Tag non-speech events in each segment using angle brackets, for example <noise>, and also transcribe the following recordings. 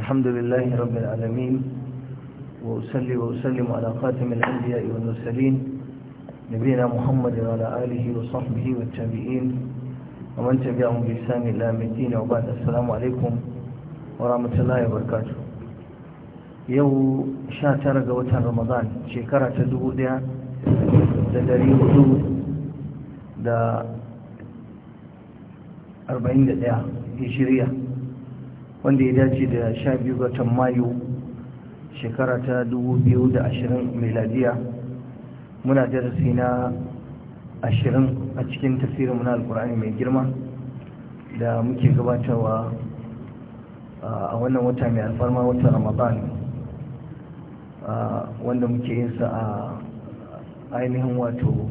الحمد لله رب العالمين وأسلي وأسلم على خاتم الأنبياء والمرسلين نبينا محمد وعلى آله وصحبه والتابعين ومن تبعهم بإحسان إلى يوم الدين وبعد السلام عليكم ورحمة الله وبركاته yau sha tara ga watan ramadan shekara ta dubu daya da dari hudu da arba'in da daya hijiriya wanda ya dace da sha biyu watan mayu shekara ta dubu biyu da ashirin meladiya muna darasi na ashirin a cikin tafsirin na alkur'ani mai girma da muke gabatarwa a wannan wata mai alfarma wata ramadan wanda muke yin sa a ainihin wato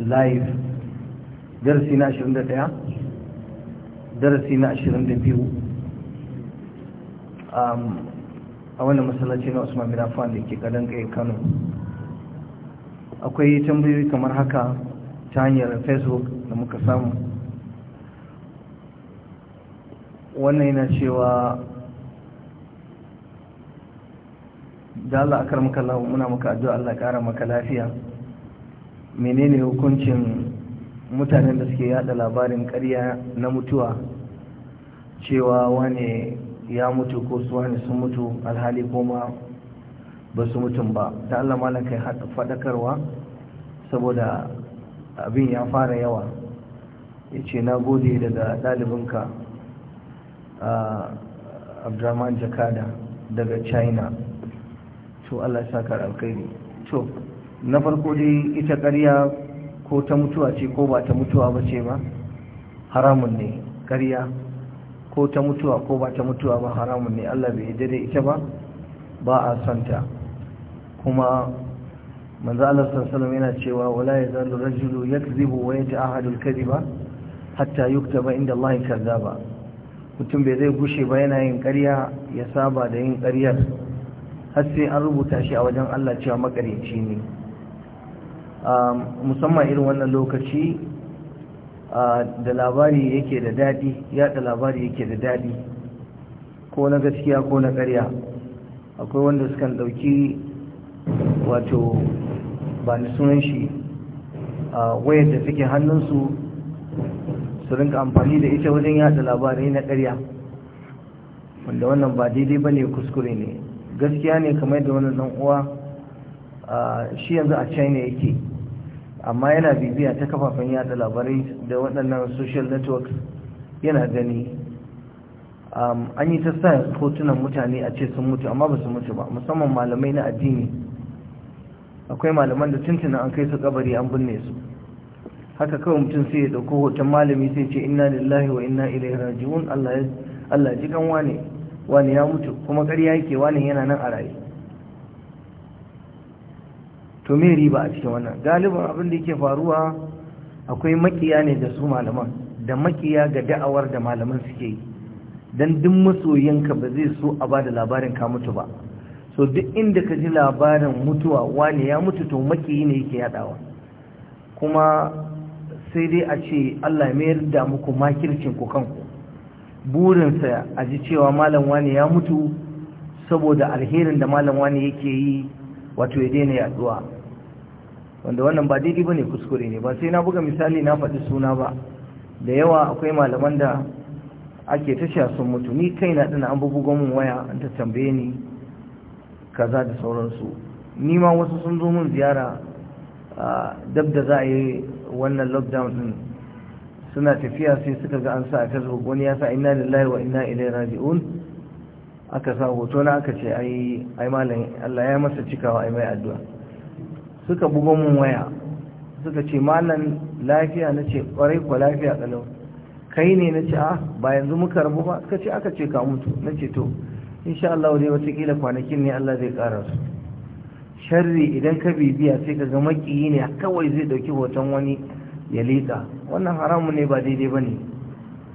live darasi na 21 darasi na 22 Um, a wannan masallaci na Usman bin Affan da ke gadan kai Kano akwai tambayoyi kamar haka ta hanyar Facebook da muka samu wannan yana cewa da Allah akar maka Allah muna maka addu'a Allah kara maka lafiya menene hukuncin mutanen da suke yada labarin ƙarya na mutuwa cewa wane ya mutu ko su wani sun mutu alhali kuma ba su mutum ba ta Allah malam kai faɗakarwa saboda abin ya fara yawa ya ce na gode daga ɗalibinka abdurrahman jakada daga china to Allah sa ka ne. to na farko dai ita ƙarya ko ta mutuwa ce ko ba ta mutuwa ba ce ba haramun ne ƙarya ko ta mutuwa ko ba ta mutuwa ba haramun ne Allah bai yi da ita ba ba a santa kuma manzo Allah sallallahu alaihi yana cewa wala yazalu rajulu yakzibu wa yata'ahadu al-kadhiba hatta yuktaba inda Allah kadhaba mutum bai zai gushe ba yana yin ƙarya ya saba da yin ƙaryar har sai an rubuta shi a wajen Allah cewa makarici ne musamman irin wannan lokaci da labari yake da daɗi da labari yake da daɗi ko na gaskiya ko na ƙarya akwai wanda suka ɗauki wato ba ni sunan shi a wayar da suke hannunsu su rinka amfani da ita wajen yada labarai na ƙarya wanda wannan ba daidai ba ne kuskure ne gaskiya ne kamar da wannan uwa shi yanzu a china yake amma yana bibiya ta kafafen yada labarai da waɗannan social network yana gani an yi ta sa hotunan mutane a ce sun mutu amma ba su mutu ba musamman malamai na addini akwai malaman da tuntunan an kai su kabari an binne su haka kawai mutum sai ya dauko hoton malami sai ce inna lillahi wa inna ilaihi raji'un Allah ya ji kan wane wane ya mutu kuma kariya yake wane yana nan a raye to me riba a cikin wannan galiban abin da yake faruwa akwai makiya ne da su malaman da makiya ga da'awar da malaman suke yi don duk masoyinka ba zai so a ba da labarin ka mutu ba so duk inda ka ji labarin mutuwa wani ya mutu to makiyi ne yake yadawa kuma sai dai a ce Allah mayar da muku makircin ku kanku burinsa a ji cewa malam wani ya mutu saboda alherin da malam wani yake yi wato ya daina yaduwa wanda wannan ba daidai bane kuskure ne ba sai na buga misali na faɗi suna ba da yawa akwai malaman da ake tasha sun mutu ni kai na dana an bugu min waya an ta tambaye ni kaza da sauransu ni ma wasu sun zo min ziyara dab da za a yi wannan lockdown din suna tafiya sai suka ga an sa a wani ya sa inna lillahi wa inna ilaihi raji'un aka sa hoto na aka ce ai ai malam Allah ya masa cikawa ai mai addu'a suka buga mun waya suka ce malam lafiya na ce kwarai kwa lafiya kalau kai ne na ce ah ba yanzu muka rabu ba suka ce aka ce ka mutu na ce to insha Allah dai watakila kwanakin ne Allah zai kara su sharri idan ka bibiya sai ka ga makiyi ne kawai zai dauki hoton wani ya lika wannan haramun ne ba daidai bane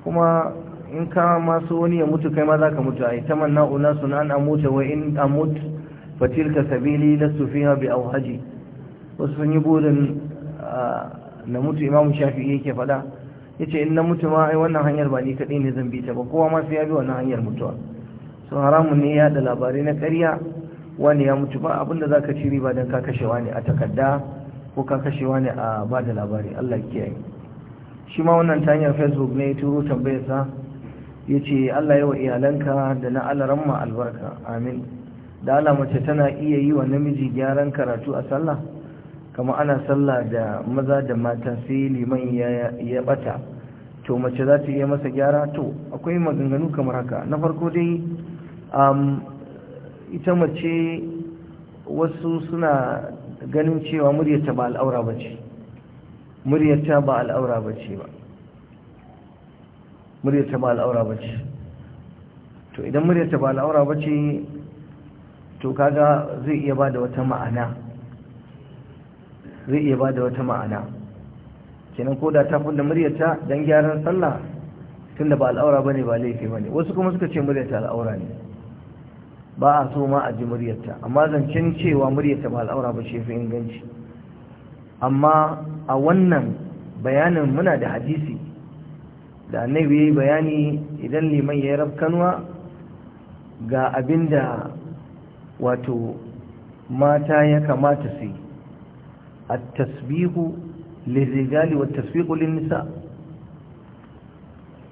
kuma in ka masu wani ya mutu kai ma za ka mutu a yi taman na'una suna an amuta wa in amut fatilka sabili lasu fiha bi auhaji wasu sun yi burin na mutu imamu shafi'i yake faɗa ya ce in na mutu ma ai wannan hanyar ba ni kaɗai ne zan bi ta ba kowa masu sai ya bi wannan hanyar mutuwa su haramun ne ya da labarai na ƙarya wani ya mutu ba abinda za ka ciri ba don ka kashewa ne a takarda ko ka kashewa ne a ba da labari allah kiyaye shi ma wannan ta hanyar facebook ne ya turo tambayarsa ya ce allah wa iyalanka da na ma albarka amin da ala mace tana iya yi wa namiji gyaran karatu a sallah kama ana sallah da maza da mata sai liman ya bata to mace za ta iya masa gyara to akwai maganganu kamar haka na farko dai ita mace wasu suna ganin cewa muryarta ba al'aura ba ce muryarta ba al'aura ba ce ba muryarta ba al'aura ba ce to idan muryarta ba al'aura ba ce to kaga zai iya ba da wata ma'ana zai iya ba da wata ma'ana kenan ko da ta funda muryarta don gyaran sallah tunda ba al'aura bane ba laifi bane wasu kuma suka ce muryarta al'aura ne ba a so ma a ji muryarta amma zancen cewa muryarta ba al'aura ba ce fi inganci amma a wannan bayanin muna da hadisi da annabi yayi bayani idan liman ya rafkanuwa ga abinda wato mata ya kamata su yi التسبيغ للرجال والتسبيغ للنساء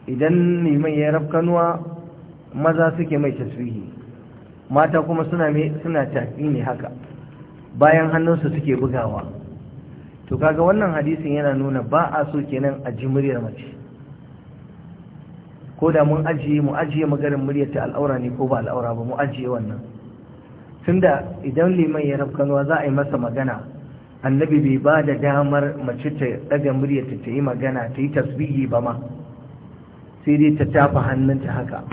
idan neman ya rab kanuwa maza suke mai tasbihi mata kuma suna tafi ne haka bayan hannunsu suke bugawa to kaga wannan hadisin yana nuna ba a so kenan a ji muryar mace ko da mun ajiye mu ajiye magarin muryar ta al'aura ne ko ba al'aura ba mu ajiye wannan tunda idan liman ya rab kanuwa za a yi masa magana annabi bai ba da damar mace ta daga muryarta ta yi magana ta yi tasbihi ba ma sai dai ta tafa hannunta haka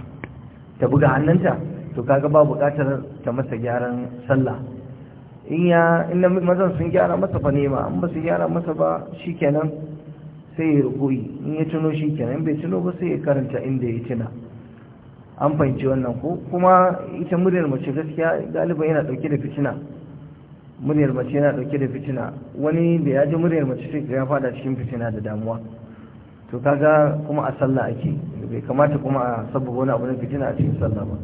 ta buga hannunta to kaga ba bukatar ta masa gyaran sallah in ya inda mazan sun gyara masa fa nema an ba su gyara masa ba shikenan sai ya rukoyi, in ya tuno shikenan bai tuno ba sai ya karanta inda ya tuna an fahimci wannan ko kuma ita muryar mace gaskiya galiba yana dauke da fitina muryar mace yana dauke da fitina wani da ya ji muryar mace sai ya fada cikin fitina da damuwa to kaga kuma a sallah ake bai kamata kuma a sabbaba wani abu na fitina a cikin sallah ba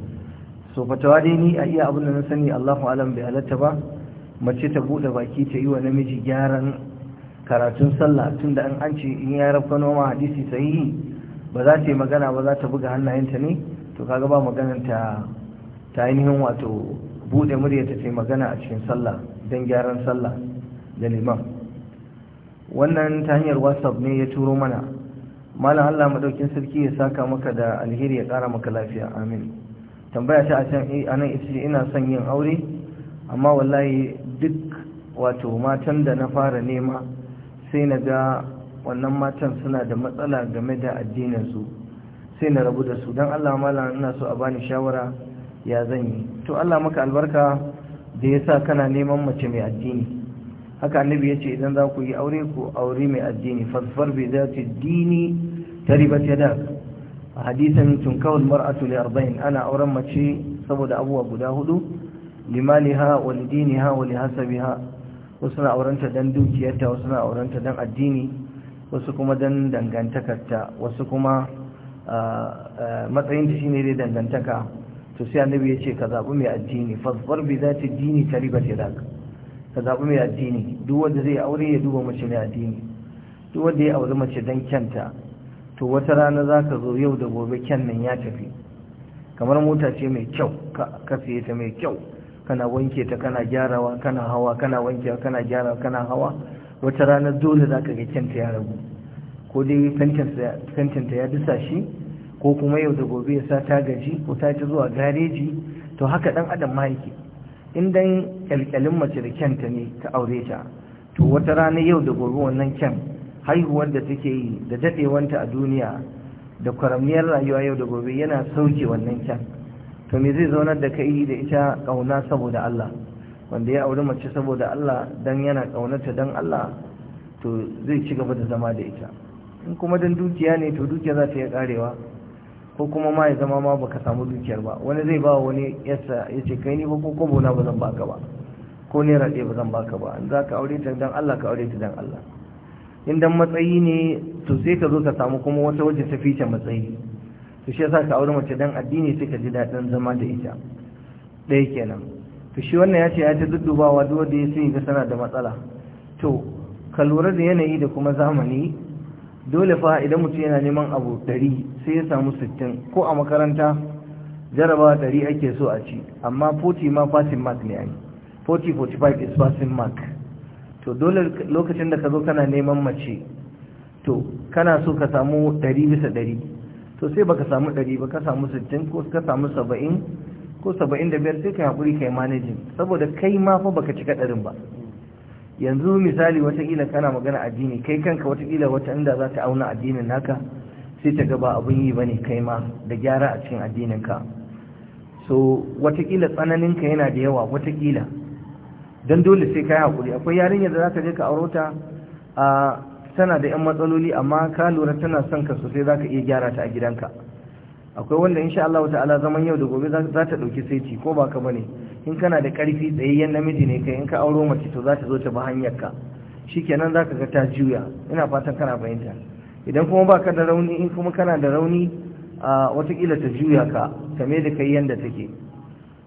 so fatawa dai ni a iya abin da na sani Allahu alam bai halatta ba mace ta bude baki ta yi wa namiji gyaran karatun sallah tunda an an ce in ya rabka noma hadisi sahihi ba za ta yi magana ba za ta buga hannayenta ne to kaga ba maganar ta ta ainihin wato bude murya ta yi magana a cikin sallah don gyaran sallah da liman wannan ta hanyar whatsapp ne ya turo mana malam allah maɗaukin sarki ya saka maka da alheri ya kara maka lafiya amin tambaya ta a can eh, nan ita ina son yin aure amma wallahi duk wato matan da na fara nema sai na ga wannan matan suna da matsala game da addininsu sai na rabu da su don allah malam ina so a bani shawara ya zan yi to allah maka albarka da ya sa kana neman mace mai addini haka annabi ya ce idan za ku yi aure ku aure mai addini fasfar bai za ta dini ta riba ta da a hadisan tunkawar mar'atu li arba'in ana auren mace saboda abubuwa guda hudu ha wani dini ha wani hasabi ha wasu na aurenta dan dukiyarta wasu na aurenta dan addini wasu kuma dan dangantakarta wasu kuma ah, ah, matsayin shi ne dai dangantaka to sai annabi ya ce ka zaɓi mai addini fasfar bi za ta dini ta riba ta ka zaɓi mai addini duk wanda zai aure ya duba mace mai addini duk wanda ya aure mace don kyanta to wata rana za ka zo yau da gobe kyan nan ya tafi kamar mota ce mai kyau ka siye ta mai kyau kana wanke ta kana gyarawa kana hawa kana wankewa kana gyarawa kana hawa wata rana dole za ka ga kyanta ya ragu ko dai fentinta ya dusa shi ko kuma yau da gobe ya sa ta gaji ko ta ji zuwa gareji to haka dan adam ma yake in dan kyalkyalin mace da kyanta ne ta aure ta to wata rana yau da gobe wannan kyan haihuwar da take yi da dadewanta a duniya da kwaramniyar rayuwa yau da gobe yana sauke wannan kyan to me zai zaunar da kai da ita kauna saboda Allah wanda ya auri mace saboda Allah dan yana kaunarta dan Allah to zai ci gaba da zama da ita in kuma dan dukiya ne to dukiya za ta iya karewa ko kuma ma ya zama ma baka samu dukiyar ba wani zai ba wani yasa ya ce kai ni ba ko kobo na ba zan baka ba ko naira ɗaya ba zan baka ba in za ka aure ta dan Allah ka aure ta dan Allah in matsayi ne to sai ka zo ka samu kuma wata waje ta fice matsayi to shi yasa ka aure mace dan addini sai ka ji daɗin zama da ita ɗaya kenan to shi wannan ya ce ya ta duddubawa duk wanda ya sai ga sana da matsala to ka lura da yanayi da kuma zamani dole fa idan mutum yana neman abu dari sai ya samu sittin ko a makaranta jarabawa dari ake so a ci amma 40 ma passing mark ne ai 40 45 is passing mark to dole lokacin da ka zo kana neman mace to kana so ka samu dari bisa dari to sai baka samu dari ba ka samu sittin ko ka samu saba'in ko saba'in da biyar sai ka haƙuri ka yi manajin saboda kai ma fa baka cika ɗarin ba yanzu misali watakila kana magana addini kai kanka watakila wata inda za ta auna addinin naka sai ta gaba abun yi ba ne kai ma da gyara a cikin addininka so tsananin tsananinka yana da yawa watakila don dole sai ka yi haƙuri akwai yarinya da za ka je ka aure a tana da 'yan matsaloli amma ka lura tana son ka sosai za ka iya gyara ta a gidanka akwai wanda insha Allah ta'ala zaman yau da gobe za ta dauki saiti ko ba ka bane in kana da karfi tsayayyen namiji ne kai in ka auro mace to za ta zo ta ba hanyar ka shi shikenan zaka ga ta juya ina fatan kana bayanta idan kuma baka da rauni in kuma kana da rauni a watakila ta juya ka kame da kai yanda take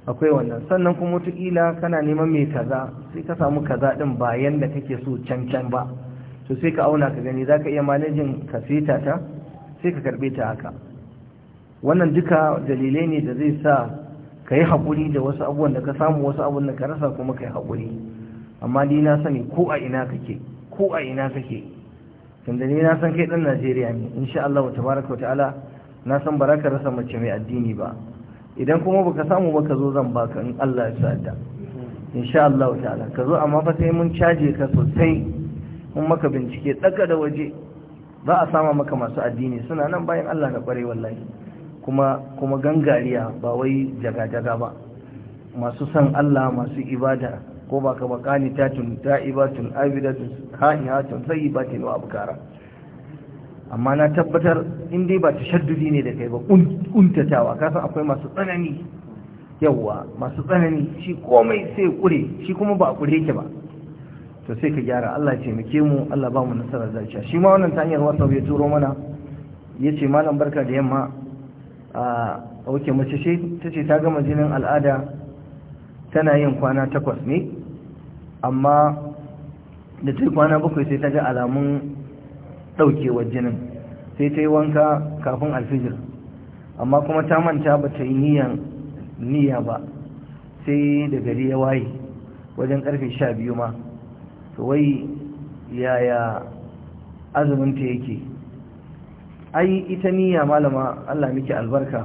akwai wannan sannan kuma watakila kana neman mai kaza sai ka samu kaza din ba yanda kake so can can ba to sai ka auna ka gani zaka iya manajin ka seta ta sai ka karbe ta haka wannan duka dalilai ne da zai sa ka yi haƙuri da wasu abubuwan da ka samu wasu abubuwan da ka rasa kuma ka yi haƙuri amma ni na sani ko a ina kake ko a ina kake tunda ni na san kai ɗan najeriya ne insha Allah tabaraka wa ta'ala na san ba ka rasa mace mai addini ba idan kuma ba ka samu ba ka zo zan baka in Allah ya in sha allahu ta'ala ka zo amma fa sai mun caje ka sosai mun maka bincike tsaka da waje ba a sama maka masu addini suna nan bayan Allah na kware wallahi kuma kuma gangariya ba wai jaga-jaga ba masu san Allah masu ibada ko ba ka bakani tatun tun abidatun ha'ihatun sayyibatin wa abkara amma na tabbatar in dai ba shaddudi ne da kai ba kuntatawa kasan akwai masu tsanani yawa masu tsanani shi komai sai kure shi kuma ba kure yake ba to sai ka gyara Allah ce muke mu Allah ba mu nasarar zaciya shi ma wannan ta hanyar ya turo mana yace malam barka da yamma a wuce mace ce ta ce ta gama jinin al'ada tana yin kwana takwas ne amma da ta kwana bakwai sai ta ga alamun ɗaukewar jinin sai ta yi wanka kafin alfijir amma kuma ta manta ba ta yi niyya ba sai da gari ya waye wajen karfe sha biyu ma wai yaya azumin ta yake ai ita niyya malama Allah miki albarka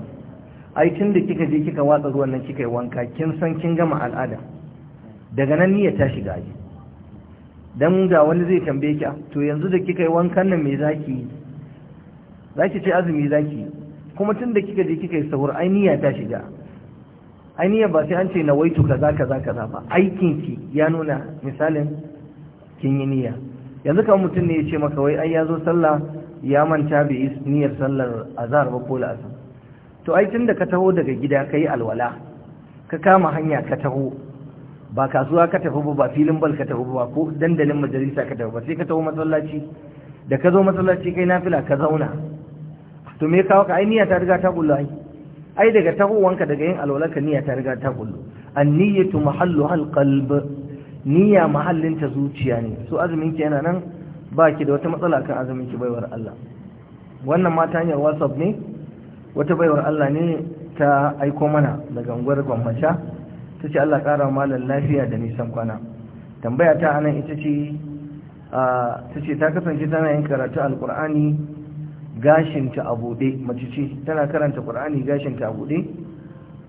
ai tun da kika je kika watsa ruwan nan kika yi wanka kin san kin gama al'ada daga nan niyya ta shiga aji. dan ga wani zai tambaye ki ah, to yanzu da kika yi wankan nan me zaki zaki ce azumi zaki kuma tun da kika je kika yi sahur ai niyya ta shiga ai niyya ba sai an ce nawaitu kaza kaza kaza ba aikin ki ya nuna misalin kin yi niyya yanzu kamar mutum ne ya ce maka wai ai ya zo sallah ya manta bai yi niyyar sallar azhar ba ko la'asar to ai tunda ka taho daga gida kai alwala ka kama hanya ka taho ba kasuwa ka tafi ba filin bal ka tafi ba ko dandalin majalisa ka tafi ba sai ka taho masallaci da ka zo masallaci kai nafila ka zauna to me kawo ka ai niyya ta riga ta kullu ai ai daga tahowanka daga yin alwala ka niyya ta riga ta kullu an-niyyatu mahallu al-qalb niyya mahallin ta zuciya ne so azumin ki yana nan ba ki da wata matsala kan azumin ki baiwar Allah wannan ma ta hanyar whatsapp ne wata baiwar Allah ne ta aiko mana daga unguwar gwamnati ta ce Allah ƙara malar lafiya da nisan kwana tambaya ta anan ita ce ta ce ta kasance tana yin karatu alƙur'ani gashinta a buɗe mace ce tana karanta ƙur'ani ta a buɗe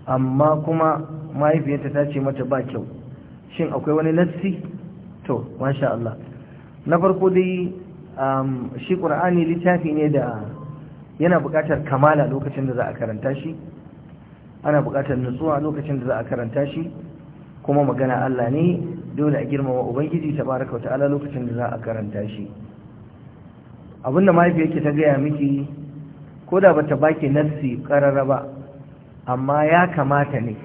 amma kuma mahaifiyarta ta ce mata ba kyau shin akwai wani lassi to masha Allah na farko dai um, shi ƙur'ani littafi ne da yana buƙatar kamala lokacin da za a karanta shi ana buƙatar nutsuwa lokacin da za a karanta shi kuma magana Allah ne dole a girmama ubangiji ta baraka wa ta'ala lokacin da za a karanta shi abinda yake ta gaya miki ko da bata baki nassi karara ba amma ya kamata ne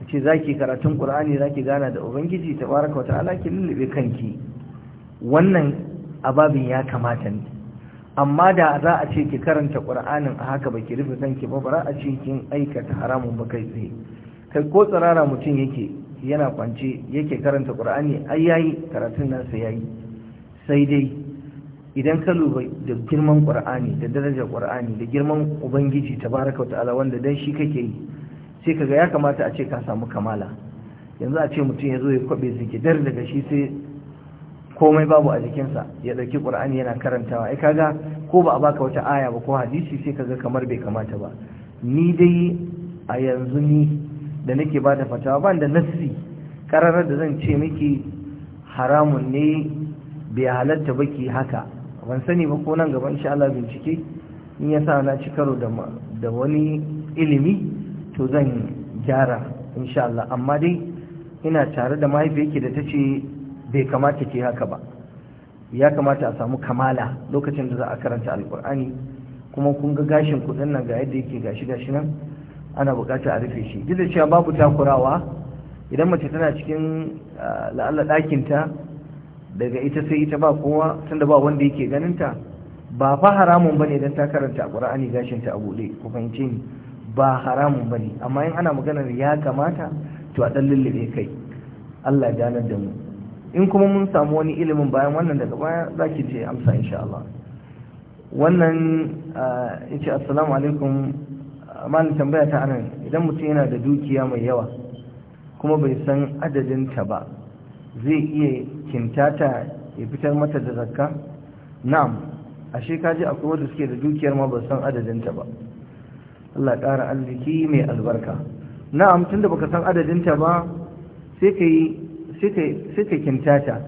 a ce za ki karatun za ki gana da ubangiji ta baraka wa ta'ala ki lullube kanki wannan ababin ya kamata ne amma da za a ce ki karanta ƙur'anin a haka ba ki rufe kanki ba ba a ce kin aikata haramun ba kai tsaye kai ko tsirara mutum yake yana kwance yake karanta ƙur'ani ai yayi karatun nasa yayi sai dai idan ka lura da girman ƙur'ani da darajar ƙur'ani da girman ubangiji tabaraka wa ta'ala wanda dan shi kake yi sai kaga ya kamata a ce ka samu kamala yanzu a ce mutum ya zo ya kwabe zikidar daga shi sai komai babu a jikinsa ya ɗauki ƙur'ani yana karantawa ai kaga ko ba a baka wata aya ba ko hadisi sai kaga kamar bai kamata ba ni dai a yanzu ni da nake ba da fatawa ban da nassi ƙararar da zan ce miki haramun ne bai halatta baki haka ban sani ba ko nan gaba insha Allah bincike in yasa na ci karo da da wani ilimi to zan gyara insha Allah amma dai ina tare da mahaifiyarki da ta ce. bai kamata ke haka ba ya kamata a samu kamala lokacin da za a karanta alkur'ani kuma kun ga gashin kudin nan ga yadda yake gashi gashi nan ana bukata a rufe shi duk da cewa babu takurawa idan mace tana cikin ah, la'alla ɗakinta daga ita sai ita ba kowa tunda ba wanda yake ganinta ba fa haramun bane idan ta karanta alkur'ani gashinta a buɗe ku fahimce ni ba haramun bane amma in ana maganar ya kamata to a ɗan lullube kai Allah ya ganar da mu in kuma mun samu wani ilimin bayan wannan daga baya za ki je amsa insha Allah wannan ya ce assalamu alaikum malin tambaya ta anan idan mutum yana da dukiya mai yawa kuma bai san adadinta ba zai iya kintata ya fitar mata da zakka na'am ashe kaji akwai wanda suke da dukiyar ma ba san adadinta ba Allah ƙara arziki mai albarka na'am tunda baka san adadin ta ba sai ka yi sai ta kintata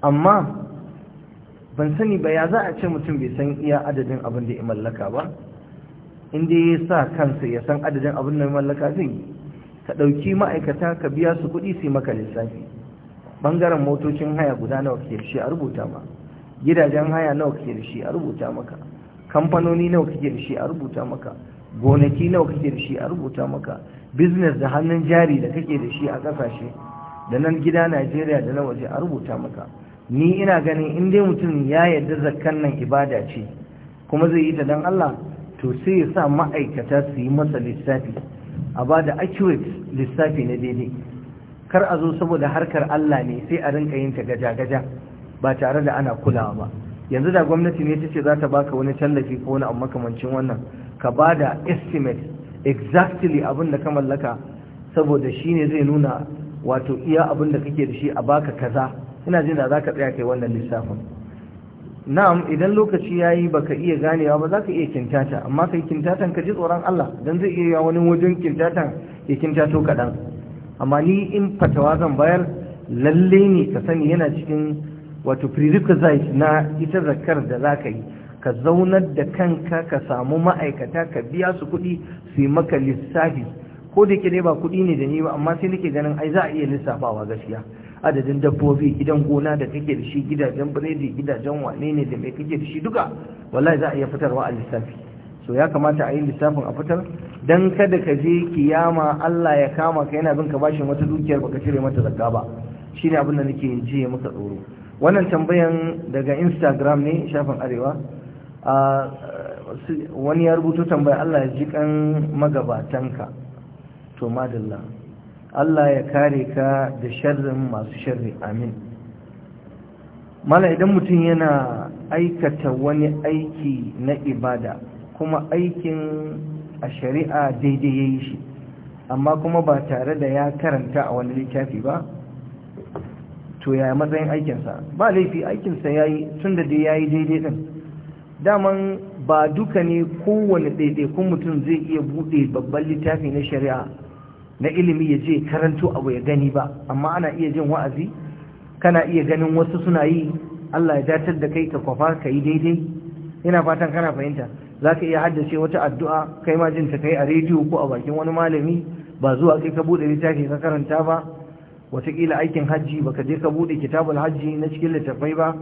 amma ban sani ba ya za a ce mutum bai san iya adadin abin da ya mallaka ba inda ya sa kansa ya san adadin abin da ya mallaka zai yi ka ɗauki ma'aikata ka biya su kuɗi su maka lissafi ɓangaren motocin haya guda nawa kake da shi a rubuta ma gidajen haya nawa kake da shi a rubuta maka kamfanoni nawa kake da shi a rubuta maka gonaki nawa kake da shi a rubuta maka biznes da hannun jari da kake da shi a ƙasashe da nan gida najeriya da na waje a rubuta maka ni ina ganin in dai mutum ya yarda zakkan nan ibada ce kuma zai yi ta dan allah to sai ya sa ma'aikata su yi masa lissafi a ba da accurate lissafi na daidai kar a zo saboda harkar allah ne sai a rinka yin ta gaja-gaja ba tare da ana kulawa ba yanzu da gwamnati ne ta ce za ta baka wani tallafi ko wani amma kamancin wannan ka ba da estimate exactly abin da ka mallaka saboda shi ne zai nuna wato iya abin da kake da shi a baka kaza ina jin da zaka tsaya kai wannan lissafin na'am idan lokaci yayi baka iya ganewa ba zaka iya kintata amma kai kintatan ka ji tsoron Allah dan zai iya wani wajen kintatan ya kintato kadan amma ni in fatawa zan bayar lalle ne ka sani yana cikin wato prerequisite na ita zakar da zaka yi ka zaunar da kanka ka samu ma'aikata ka biya su kuɗi su yi maka lissafi ko da yake ne ba kuɗi ne da ni ba amma sai nake ganin ai za a iya lissafawa gaskiya adadin dabbobi gidan gona da kake da shi gidajen biredi gidajen wane ne da mai kake da shi duka wallahi za a iya fitarwa a lissafi so ya kamata a yi lissafin a fitar dan kada ka je kiyama Allah ya kama ka yana bin ka bashin wata dukiyar baka cire mata zakka ba shine abin da nake yin jiya maka tsoro wannan tambayan daga Instagram ne shafin arewa ah, wani ya rubuto tambaya Allah ya ji kan magabatanka to madalla Allah ya kare ka da sharrin masu sharri amin mala idan mutum yana aikata wani aiki na ibada kuma aikin a shari'a daidai yayi shi amma kuma ba tare da ya karanta a wani littafi ba to ya matsayin aikinsa ba laifi aikinsa ya yi tun da ya yi daidai din? daman ba duka ne kowane ɗaiɗaikun mutum zai iya buɗe babban littafi na shari'a na ilimi ya je karanto abu ya gani ba amma ana iya jin wa'azi kana iya ganin wasu suna yi Allah ya datar da kai ka kwafa ka yi daidai ina fatan kana fahimta za ka iya haddace wata addu'a kai ma jinta kai a rediyo ko a bakin wani malami ba zuwa kai ka buɗe littafi ka karanta ba wataƙila aikin hajji ba ka je ka buɗe kitabul hajji na cikin littattafai ba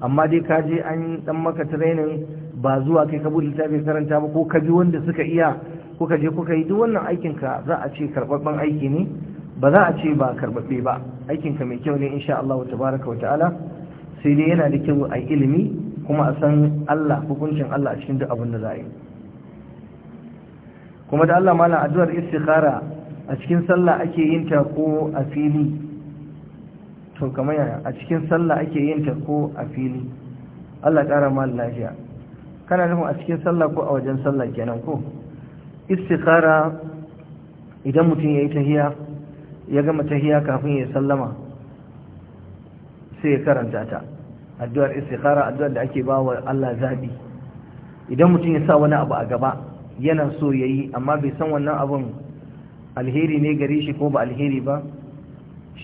amma dai ka je an dan maka training ba zuwa kai ka buɗe littafi karanta ba ko ka bi wanda suka iya kuka je kuka yi duk wannan aikinka za a ce karɓaɓɓen aiki ne ba za a ce ba karɓaɓɓe ba aikinka mai kyau ne insha Allah wa tabaraka wa ta'ala sai dai yana da kyau a ilimi kuma a san Allah hukuncin Allah a cikin duk abin da za a yi kuma da Allah malam addu'ar istikhara a cikin sallah ake yin ta ko a fili to kamar yana a cikin sallah ake yin ta ko a fili Allah ƙara mal lafiya kana nufin a cikin sallah ko a wajen sallah kenan ko istikhara idan mutum ya yi tahiya ya gama tahiya kafin ya sallama sai ya karanta ta addu'ar istikhara addu'ar da ake ba wa Allah zabi idan mutum ya sa wani abu a gaba yana so ya yi amma bai san wannan abun alheri ne gare shi ko ba alheri ba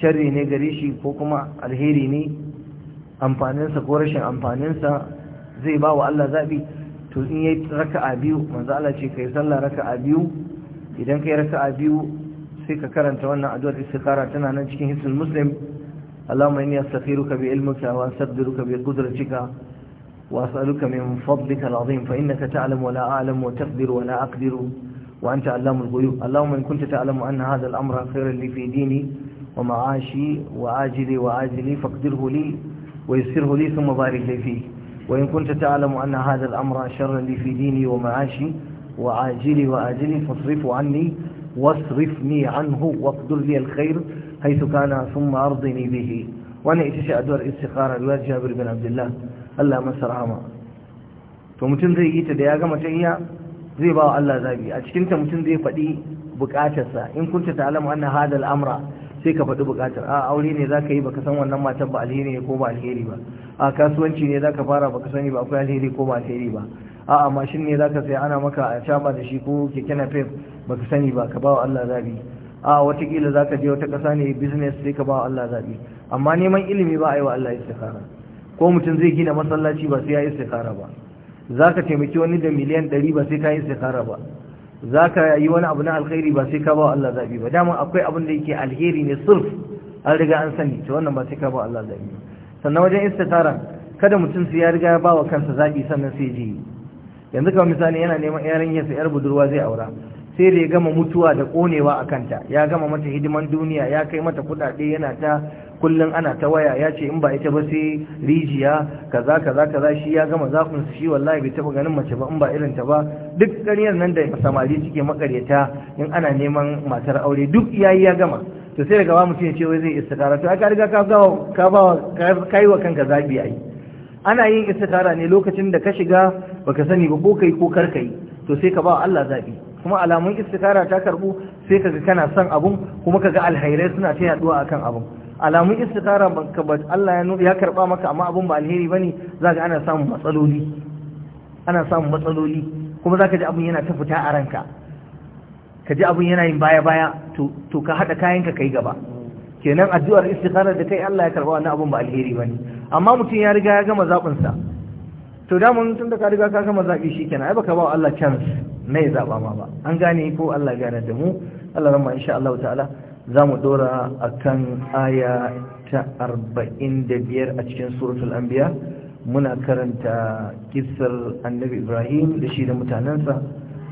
sharri ne gare shi ko kuma alheri ne amfaninsa ko rashin amfaninsa zai ba wa Allah zabi to in yayi raka'a biyu manzo Allah ce kai sallah raka'a biyu idan kai raka'a biyu sai ka karanta wannan addu'ar istikhara tana nan cikin hisul muslim Allahumma inni astaghfiruka bi ilmika wa astaghfiruka bi qudratika wa as'aluka min fadlika al'azim fa innaka ta'lamu wa la a'lamu wa taqdiru wa la aqdiru wa anta 'allamul ghuyub Allahumma in kunta ta'lamu anna hadha al-amra khayran li fi dini wa ma'ashi wa ajili wa ajili faqdirhu li wa yassirhu li thumma barik li fihi وإن كنت تعلم أن هذا الأمر شر لي في ديني ومعاشي وعاجلي وآجلي فاصرفه عني واصرفني عنه واقدر لي الخير حيث كان ثم أرضني به وأنا إتشاء أدوار استخارة الواد جابر بن عبد الله الله مسر عما فمتن زي إيتا دياغا متهيا زي باو الله زابي أتشكنت متن زي فدي بكاتسا إن كنت تعلم أن هذا الأمر sai ka faɗi buƙatar a aure ne za ka yi baka san wannan matan ba alheri ne ko ba alheri ba a kasuwanci ne zaka fara baka sani ba akwai alheri ko ba alheri ba a'a mashin ne zaka sai ana maka a chama da shi ko keke napep baka sani ba ka ba wa Allah zabi a kila zaka je wata ƙasa ne business sai ka ba wa Allah zabi amma neman ilimi ba a yi wa Allah istikhara ko mutum zai gina masallaci ba sai ya istikhara ba zaka taimaki wani da miliyan 100 ba sai ka yi istikara ba zaka yi wani abu na alkhairi ba sai ka ba wa Allah zabi ba dama akwai abin da yake alheri ne sulf an riga an sani to wannan ba sai ka ba wa Allah zabi ba sannan wajen istitara kada mutum su ya riga ya ba wa kansa zaɓi sannan sai ji yanzu kamar misali yana neman yaren yasa yar budurwa zai aura sai da ya gama mutuwa da konewa a kanta ya gama mata hidiman duniya ya kai mata kuɗaɗe yana ta kullum ana ta waya ya ce in ba ita ba sai rijiya kaza kaza kaza shi ya gama zafin shi wallahi bai taɓa ganin mace ba in ba irin ta ba duk ƙaryar nan da samari suke makaryata in ana neman matar aure duk yayi ya gama to sai daga ba mutum ya ce wai zai istikara to aka riga ka kai wa kanka zaɓi a yi ana yin istikara ne lokacin da ka shiga baka sani ba ko kai ko kar kai to sai ka ba Allah zaɓi kuma alamun istikara ta karɓu sai ka ga kana son abun kuma ka ga alhairai suna ta yaduwa akan abun alamun istikara ka ba Allah ya ya karɓa maka amma abun ba alheri bane zaka ana samun matsaloli ana samun matsaloli kuma zaka ji abun yana ta fita a ranka ka ji abin yana yin baya baya to ka haɗa kayanka ka kai gaba kenan addu'ar istikharar da kai Allah ya karba wannan abin ba alheri bane amma mutum ya riga ya gama zabin sa to da mun tun da ka riga ka gama zabi kenan ai baka ba Allah chance ya zaba ma ba an gane ko Allah gane da mu Allah ramma insha Allah ta'ala za mu dora akan aya ta 45 a cikin suratul anbiya muna karanta kissar annabi Ibrahim da shi da mutanansa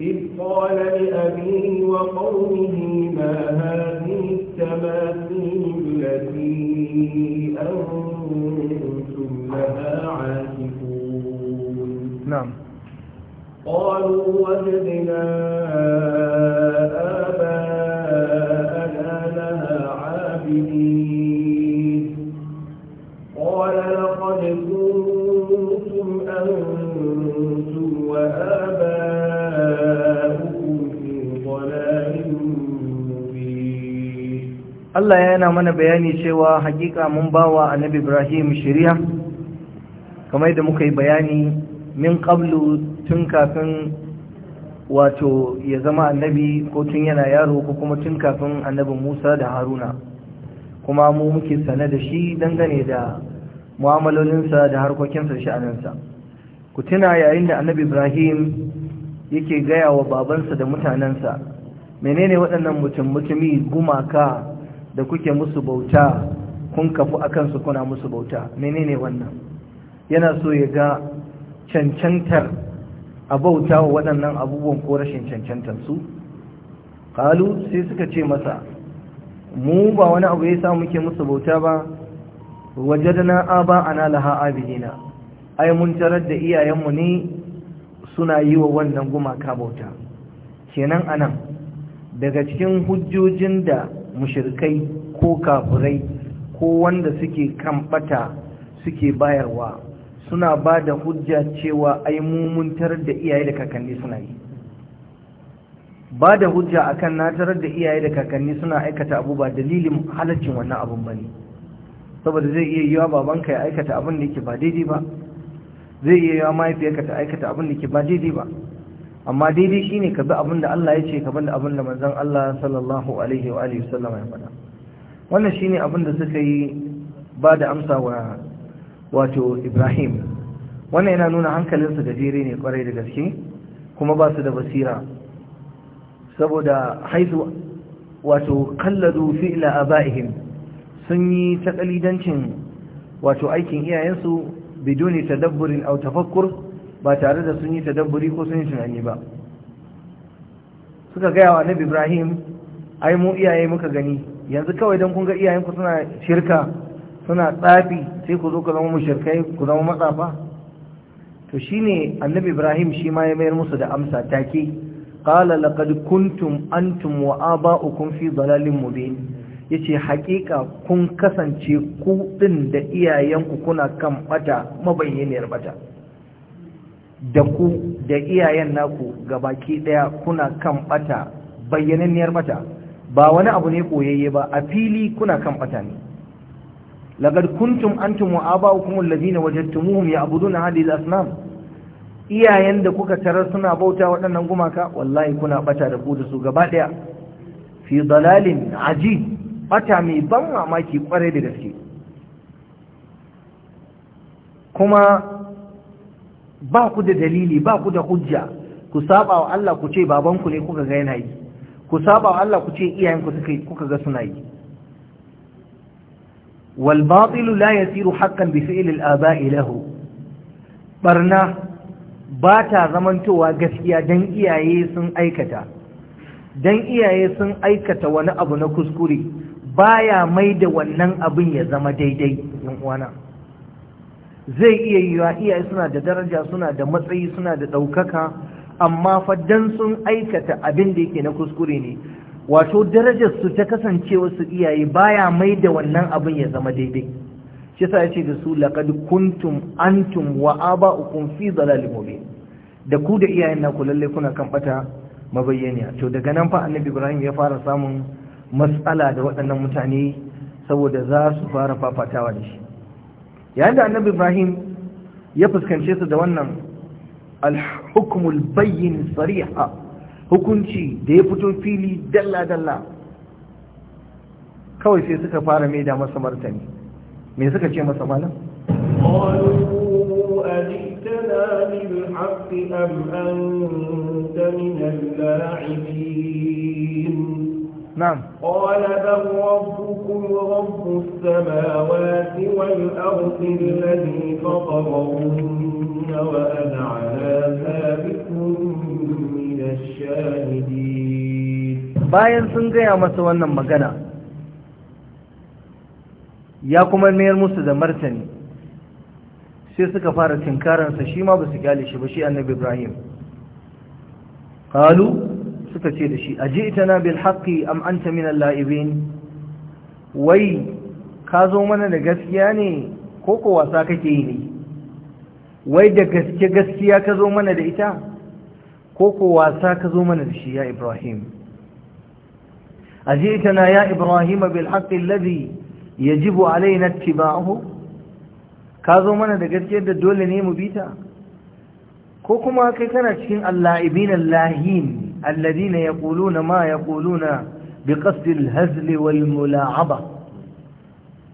إذ قال لأبيه وقومه ما هذه التماثيل التي أنتم لها عاكفون نعم قالوا وجدنا آباءنا لها عابدين Allah yana mana bayani cewa hakika mun bawa annabi Ibrahim shari'a kamar da muka yi bayani min qablu tun kafin wato ya zama annabi ko tun yana yaro ko kuma tun kafin annabi Musa da Haruna kuma mu muke sane da shi dangane da mu'amalolinsa da harkokinsa da sha'aninsa ku tuna yayin da annabi Ibrahim yake gaya wa babansa da mutanensa menene waɗannan mutum mutumi gumaka da kuke musu bauta kun kafu a kansu kuna musu bauta menene wannan yana so ya ga cancantar a bauta wa waɗannan abubuwan ko rashin cancantar su ƙalu sai suka ce masa mu ba wani abu ya sa muke musu bauta ba Waje da wajadana aba ana laha abinina ai mun tarar da iyayenmu ne suna yi wa wannan gumaka bauta kenan anan daga cikin hujjojin da mushirkai ko kafirai ko wanda suke kan suke bayarwa suna ba da hujja cewa ai mumuntar da iyaye da kakanni suna yi ba da hujja akan tarar da iyaye da kakanni suna aikata abu ba dalilin halaccin wannan abun bane saboda zai iya yiwa babanka ya aikata abin da yake ba daidai ba zai iya yiwa mahaifiyarka ta aikata abin da yake ba daidai ba amma daidai shi ne ka bi abinda Allah ya ce ka bi abinda manzon Allah sallallahu alaihi wa Alaihi wasallama ya faɗa wannan shi shine abinda suka yi ba da amsa wa wato Ibrahim wannan yana nuna hankalinsa da jere ne kwarai da gaske kuma ba su da basira saboda haizu wato kalladu fi'la abaihim sun yi takalidancin wato aikin iyayensu biduni tadabburin aw tafakkur ba tare da sun yi tadabburi ko sun yi tunani ba suka gaya wa annabi ibrahim ai mu iyaye muka gani yanzu kawai don kun ga iyayenku suna shirka suna tsafi sai ku zo ku zama mushirkai ku zama matsafa to shine annabi ibrahim shi ma ya mayar musu da amsa take qala laqad kuntum antum wa aba'ukum fi dalalin mubin yace haƙiƙa kun kasance ku din da iyayenku kuna kan ɓata mabayyaniyar bata da ku da iyayen naku ga baki daya kuna kan bata bayyananniyar mata, ba wani abu ne koyayye ba a fili kuna kan bata ne laqad kuntum antum wa aba'ukum alladhina wajadtumuhum ya'buduna hadhihi al-asnam iyayen da kuka tarar suna bauta waɗannan gumaka wallahi kuna bata da ku da su gaba daya fi dalalin ajib bata mai ban mamaki kware da gaske kuma ba ku da dalili ba ku da hujja ku saba wa Allah ku ce babanku ne kuka ga yana yi ku saba wa Allah ku ce iyayenku suka kuka ga suna yi wal batil la yasiru haqqan bi fi'l al aba'i lahu barna ba ta zamantowa gaskiya dan iyaye sun aikata dan iyaye sun aikata wani abu na kuskure baya mai da wannan abin ya zama daidai yan uwana zai iya yiwa iyaye suna da daraja suna da matsayi suna da ɗaukaka amma faddan sun aikata abin da yake na kuskure ne wato darajar su ta kasance wasu iyaye baya mai da wannan abin ya zama daidai shi yasa yace da su laqad kuntum antum wa aba'ukum fi mubin da ku da iyayen naku lalle kuna kan bata mabayyaniya to daga nan fa annabi Ibrahim ya fara samun matsala da waɗannan mutane saboda za su fara fafatawa da shi yayin da annabi ibrahim ya fuskance su da wannan alhukumul bayyin sariha hukunci da ya fito fili dalla-dalla kawai sai suka fara mai da masa martani me suka ce masa malam بالحق أم أنت من اللاعبين نعم قال بل ربكم رب السماوات والأرض الذي فطرهن وأنا على ثابت من الشاهدين باين سنجي أما سوانا wannan magana ya kuma mayar musu sai suka fara tinkaransa shi ma ba su gyale shi ba shi annabi ibrahim kalu suka ce da shi aji'tana bil haqqi am anta min al-la'ibin wai ka zo mana da gaskiya ne ko ko wasa kake yi ne wai da gaske gaskiya ka zo mana da ita ko ko wasa ka zo mana da shi ya Ibrahim aji'tana ya Ibrahim bil haqqi alladhi yajibu alaina ittiba'uhu ka zo mana da gaskiyar da dole ne mu bita ko kuma kai kana cikin alla'ibin allahin الذين يقولون ما يقولون بقصد الهزل والملاعبه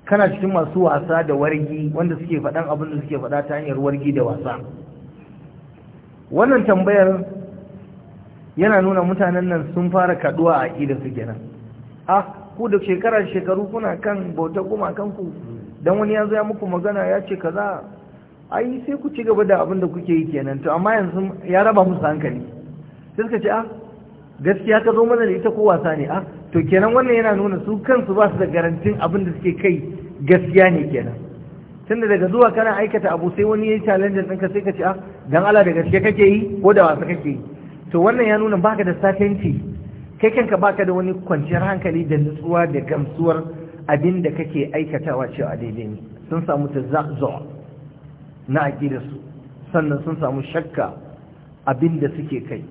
kana cikin masu wasa da wargi wanda suke faɗan abin da suke faɗa ta hanyar wargi da wasa wannan tambayar yana nuna mutanen nan sun fara kaduwa a aƙida su kenan ah ku da shekara shekaru kuna kan bauta kuma kanku dan wani ya ya muku magana ya ce kaza ai sai ku ci gaba da abin da kuke yi kenan to amma yanzu ya raba musu hankali sai ka ce a ah, gaskiya ka zo mana da ita ko wasa ne a ah, to kenan wannan yana nuna su kansu ba su da garantin abin da suke kai gaskiya ne kenan tunda daga zuwa kana aikata abu sai wani yayi challenge ɗinka sai ka ce a ah, dan Allah da gaskiya kake yi ko da wasa kake yi to wannan ya nuna baka da certainty kai kanka baka da wani kwanciyar hankali da nutsuwa da gamsuwar abin da kake aikatawa cewa daidai ne sun samu tazazzo na aqidarsu sannan sun samu shakka abin da suke kai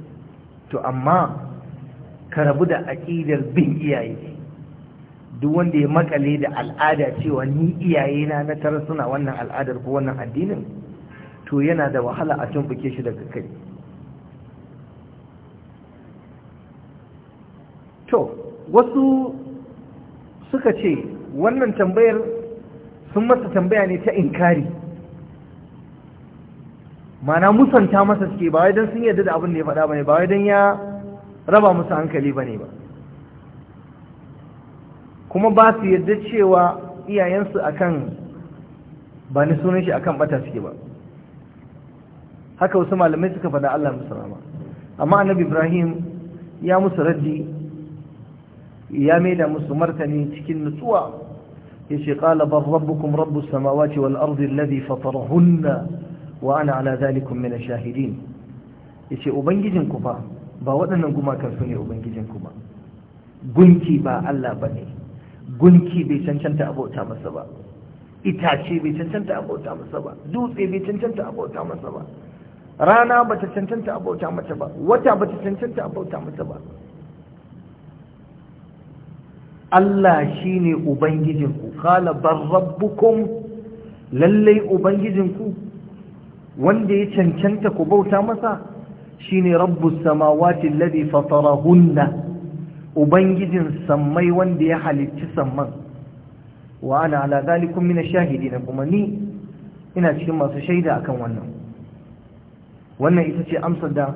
to amma ka rabu da aƙidar bin iyaye duk wanda ya makale da al'ada cewa ni iyaye na na tara suna wannan al'adar ko wannan addinin to yana da wahala a tumbuke shi daga kai to wasu suka ce wannan tambayar sun masa tambaya ne ta inkari mana musanta masa suke ba don sun yarda da abin da ya faɗa ne ba don ya raba musu hankali bane ba kuma ba su yarda cewa iyayensu akan ba ni sunan shi akan bata suke ba haka wasu malamai suka faɗa Allah musu rama amma annabi Ibrahim ya musu raddi ya maida musu martani cikin nutsuwa yace qala bar rabbukum rabbus samawati wal ardi alladhi fatarahunna wa ana ala zalikum min ash-shahidin yace ubangijin ku fa ba waɗannan gumakan su ne ubangijin ku ba gunki ba Allah bane gunki bai cancanta abota masa ba itace bai cancanta abota masa ba dutse bai cancanta abota masa ba rana ba ta cancanta abota mata ba wata ba ta cancanta abota mata ba Allah shi ne ku. kala bar rabbukum lallai ku. wanda ya cancanta ku bauta masa shine rabbus samawati alladhi fatarahunna ubangijin sammai wanda ya halicci samman wa ana ala zalikum min ash-shahidin kuma ni ina cikin masu shaida akan wannan wannan ita ce amsar da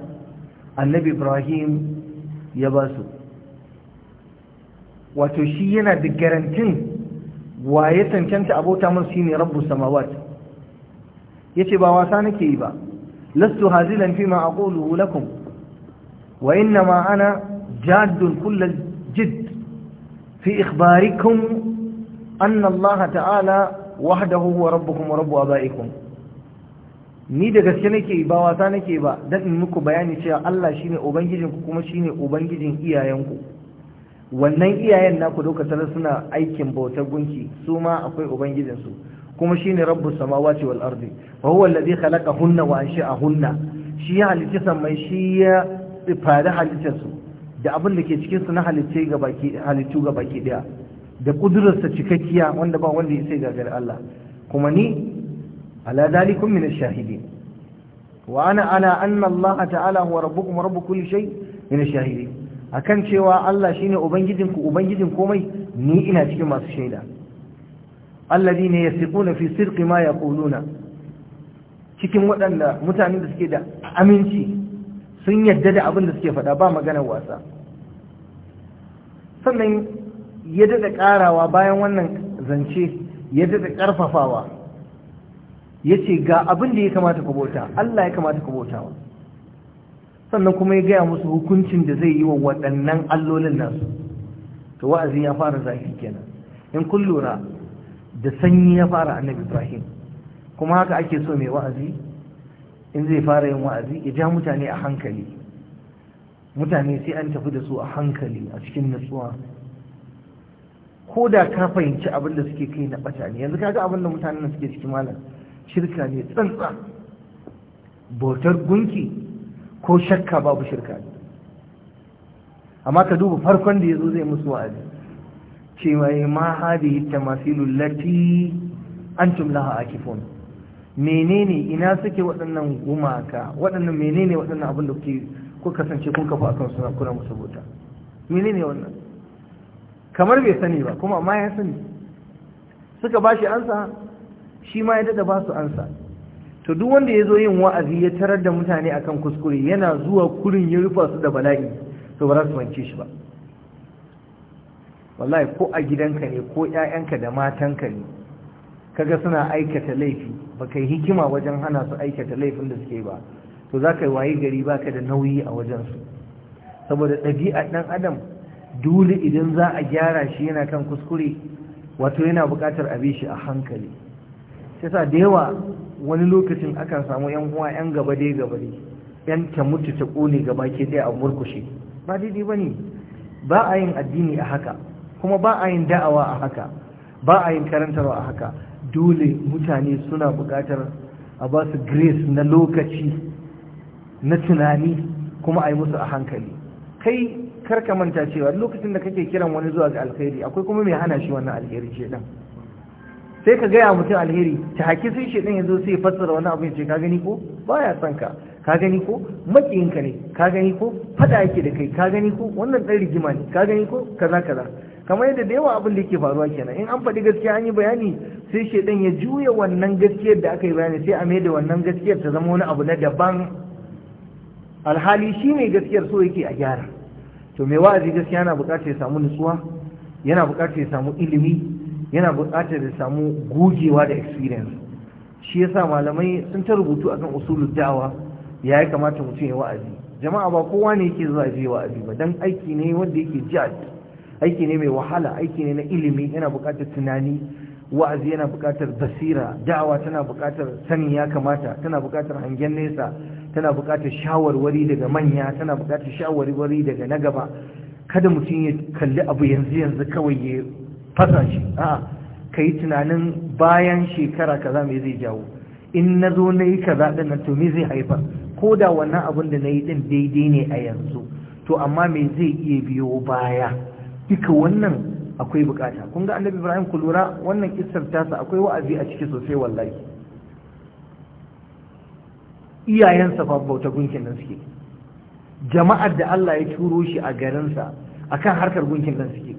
annabi Ibrahim ya ba su wato shi yana da garantin wa ya cancanta abota masa shine rabbus samawati yace ba wasa nake yi ba lastu hazilan ma aqulu lakum wa innama ana jaddun kull jidd fi ikhbarikum anna Allah ta'ala wahdahu huwa rabbukum wa rabbu abaikum ni da gaske nake ba wasa nake ba dan in muku bayani cewa Allah shine ku kuma shine ubangijin iyayenku wannan iyayen naku sanar suna aikin bautar gunki su ma akwai ubangijinsu kuma shine rabbus samawati wal ardi wa huwa alladhi hunna wa hunna. shi ya halice samai shi ya fara halittar da abin da ke cikin na halittu ga baki daya da kudurarsa cikakkiya wanda ba wanda ya sai gagar Allah kuma ni ala dalikum min ash-shahidin wa ana ala anna Allah ta'ala huwa rabbukum wa rabbu kulli shay min ash-shahidin akan cewa Allah shine ubangijinku ubangijin komai ni ina cikin masu shaida alladhi ne yasiquna fi sirqi ma yaquluna cikin waɗanda mutanen da suke da aminci sun yadda da abin da suke fada ba maganar wasa sannan ya dade karawa bayan wannan zance ya dade karfafawa ya ga abin da ya kamata ku bauta Allah ya kamata ku bautawa sannan kuma ya gaya musu hukuncin da zai yi wa waɗannan allolin nasu to wa'azi ya fara zafi kenan in kullura. da sanyi ya fara annabi ibrahim kuma haka ake so mai wa'azi in zai fara yin wa'azi ya ja mutane a hankali mutane sai an tafi da su a hankali a cikin nutsuwa ko da ka fahimci abin da suke kai na bata ne yanzu kaga abin da mutanen suke ciki malam shirka ne tsantsa bautar gunki ko shakka babu shirka ne amma ka duba farkon da ya zo zai musu wa'azi cewa yi eh, ma hadihi tamasilu lati antum laha akifun menene ina suke waɗannan gumaka waɗannan menene waɗannan abin da kuke ku kasance kun kafa akan suna kuna musu bauta menene wannan kamar bai sani ba kuma amma ya sani suka bashi ansa shi ma ya dada ba su ansa to duk wanda ya zo yin wa'azi ya tarar da mutane akan kuskure yana zuwa kurin ya rufa su da bala'i to ba za su wance shi ba wallahi ko a gidanka ne ko ƴaƴanka da matanka ne kaga suna aikata laifi baka yi hikima wajen hana su aikata laifin da suke ba to za ka yi waye gari baka da nauyi a wajen su saboda ɗabi'a ɗan adam dole idan za a gyara shi yana kan kuskure wato yana buƙatar a bi shi a hankali sai sa da yawa wani lokacin akan samu yan uwa yan gaba dai gaba dai yan ta mutu ta ƙone gaba ke dai a murkushe ba daidai ba ne ba a yin addini a haka kuma ba a yin da'awa a haka ba a yin karantarwa a haka dole mutane suna buƙatar a ba su grace na lokaci na tunani kuma a yi musu a hankali kai karka manta cewa lokacin da kake kiran wani zuwa ga alheri, akwai kuma mai hana shi wannan alheri dan? sai ka gaya mutum alheri ta haki sai shedan ya zo sai fassara wani abu ya ce ka gani ko baya son ka ka gani ko makiyinka ne ka gani ko fada yake da kai ka gani ko wannan dan rigima ne ka gani ko kaza kaza kamar yadda da yawa abin da yake faruwa kenan in an faɗi gaskiya an yi bayani sai shaidan ya juya wannan gaskiyar da aka yi bayani sai a mai da wannan gaskiyar ta zama wani abu na daban alhali shi ne gaskiyar so yake a gyara to mai wa'azi gaskiya yana buƙatar ya samu nutsuwa yana buƙatar ya samu ilimi yana buƙatar ya samu gogewa da experience shi yasa malamai sun ta rubutu akan usulul da'awa ya yi kamata mutum ya wa'azi jama'a ba kowa ne yake zuwa je wa'azi ba dan aiki ne wanda yake jihar aiki ne mai wahala aiki ne na ilimi yana bukatar tunani wa'azi yana bukatar basira dawa tana bukatar sani ya kamata tana bukatar hangen nesa tana bukatar shawarwari daga manya tana bukatar shawarwari daga na gaba kada mutum ya kalli abu yanzu yanzu kawai ya fasa shi a ka yi tunanin bayan shekara kaza me zai jawo in na zo na yi kaza ɗin na to me zai haifar ko da wannan abin da na yi ɗin daidai ne a yanzu to amma me zai iya biyo baya duka wannan akwai bukata kun ga annabi ibrahim ku lura wannan kissar tasa akwai wa'azi a ciki sosai wallahi iyayensa fa bauta gunkin nan suke jama'ar da Allah ya turo shi a garinsa akan harkar gunkin nan suke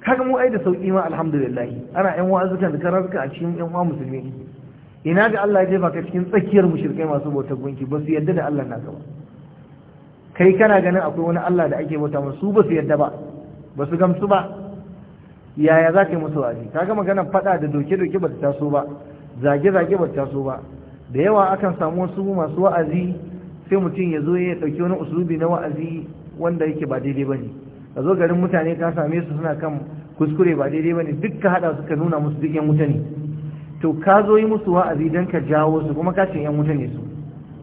kaga mu ai da sauki ma alhamdulillah ana yan wa'azukan da karatuka a cikin yan uwa musulmi ina ga Allah ya jefa ka cikin tsakiyar mushrikai masu bautar gunki ba su yadda da Allah na gaba kai kana ganin akwai wani Allah da ake bauta masu ba su yadda ba ba su gamsu ba yaya za ka yi musu wa'azi kaga magana faɗa da doke-doke ba ta taso ba zage-zage ba ta taso ba da yawa akan samu wasu masu wa'azi sai mutum ya zo ya ɗauki wani usulubi na wa'azi wanda yake ba daidai ba ne ka zo garin mutane ka same su suna kan kuskure ba daidai ba ne duk ka haɗa suka nuna musu duk 'yan mutane to ka zo yi musu wa'azi don ka jawo su kuma ka ce 'yan mutane su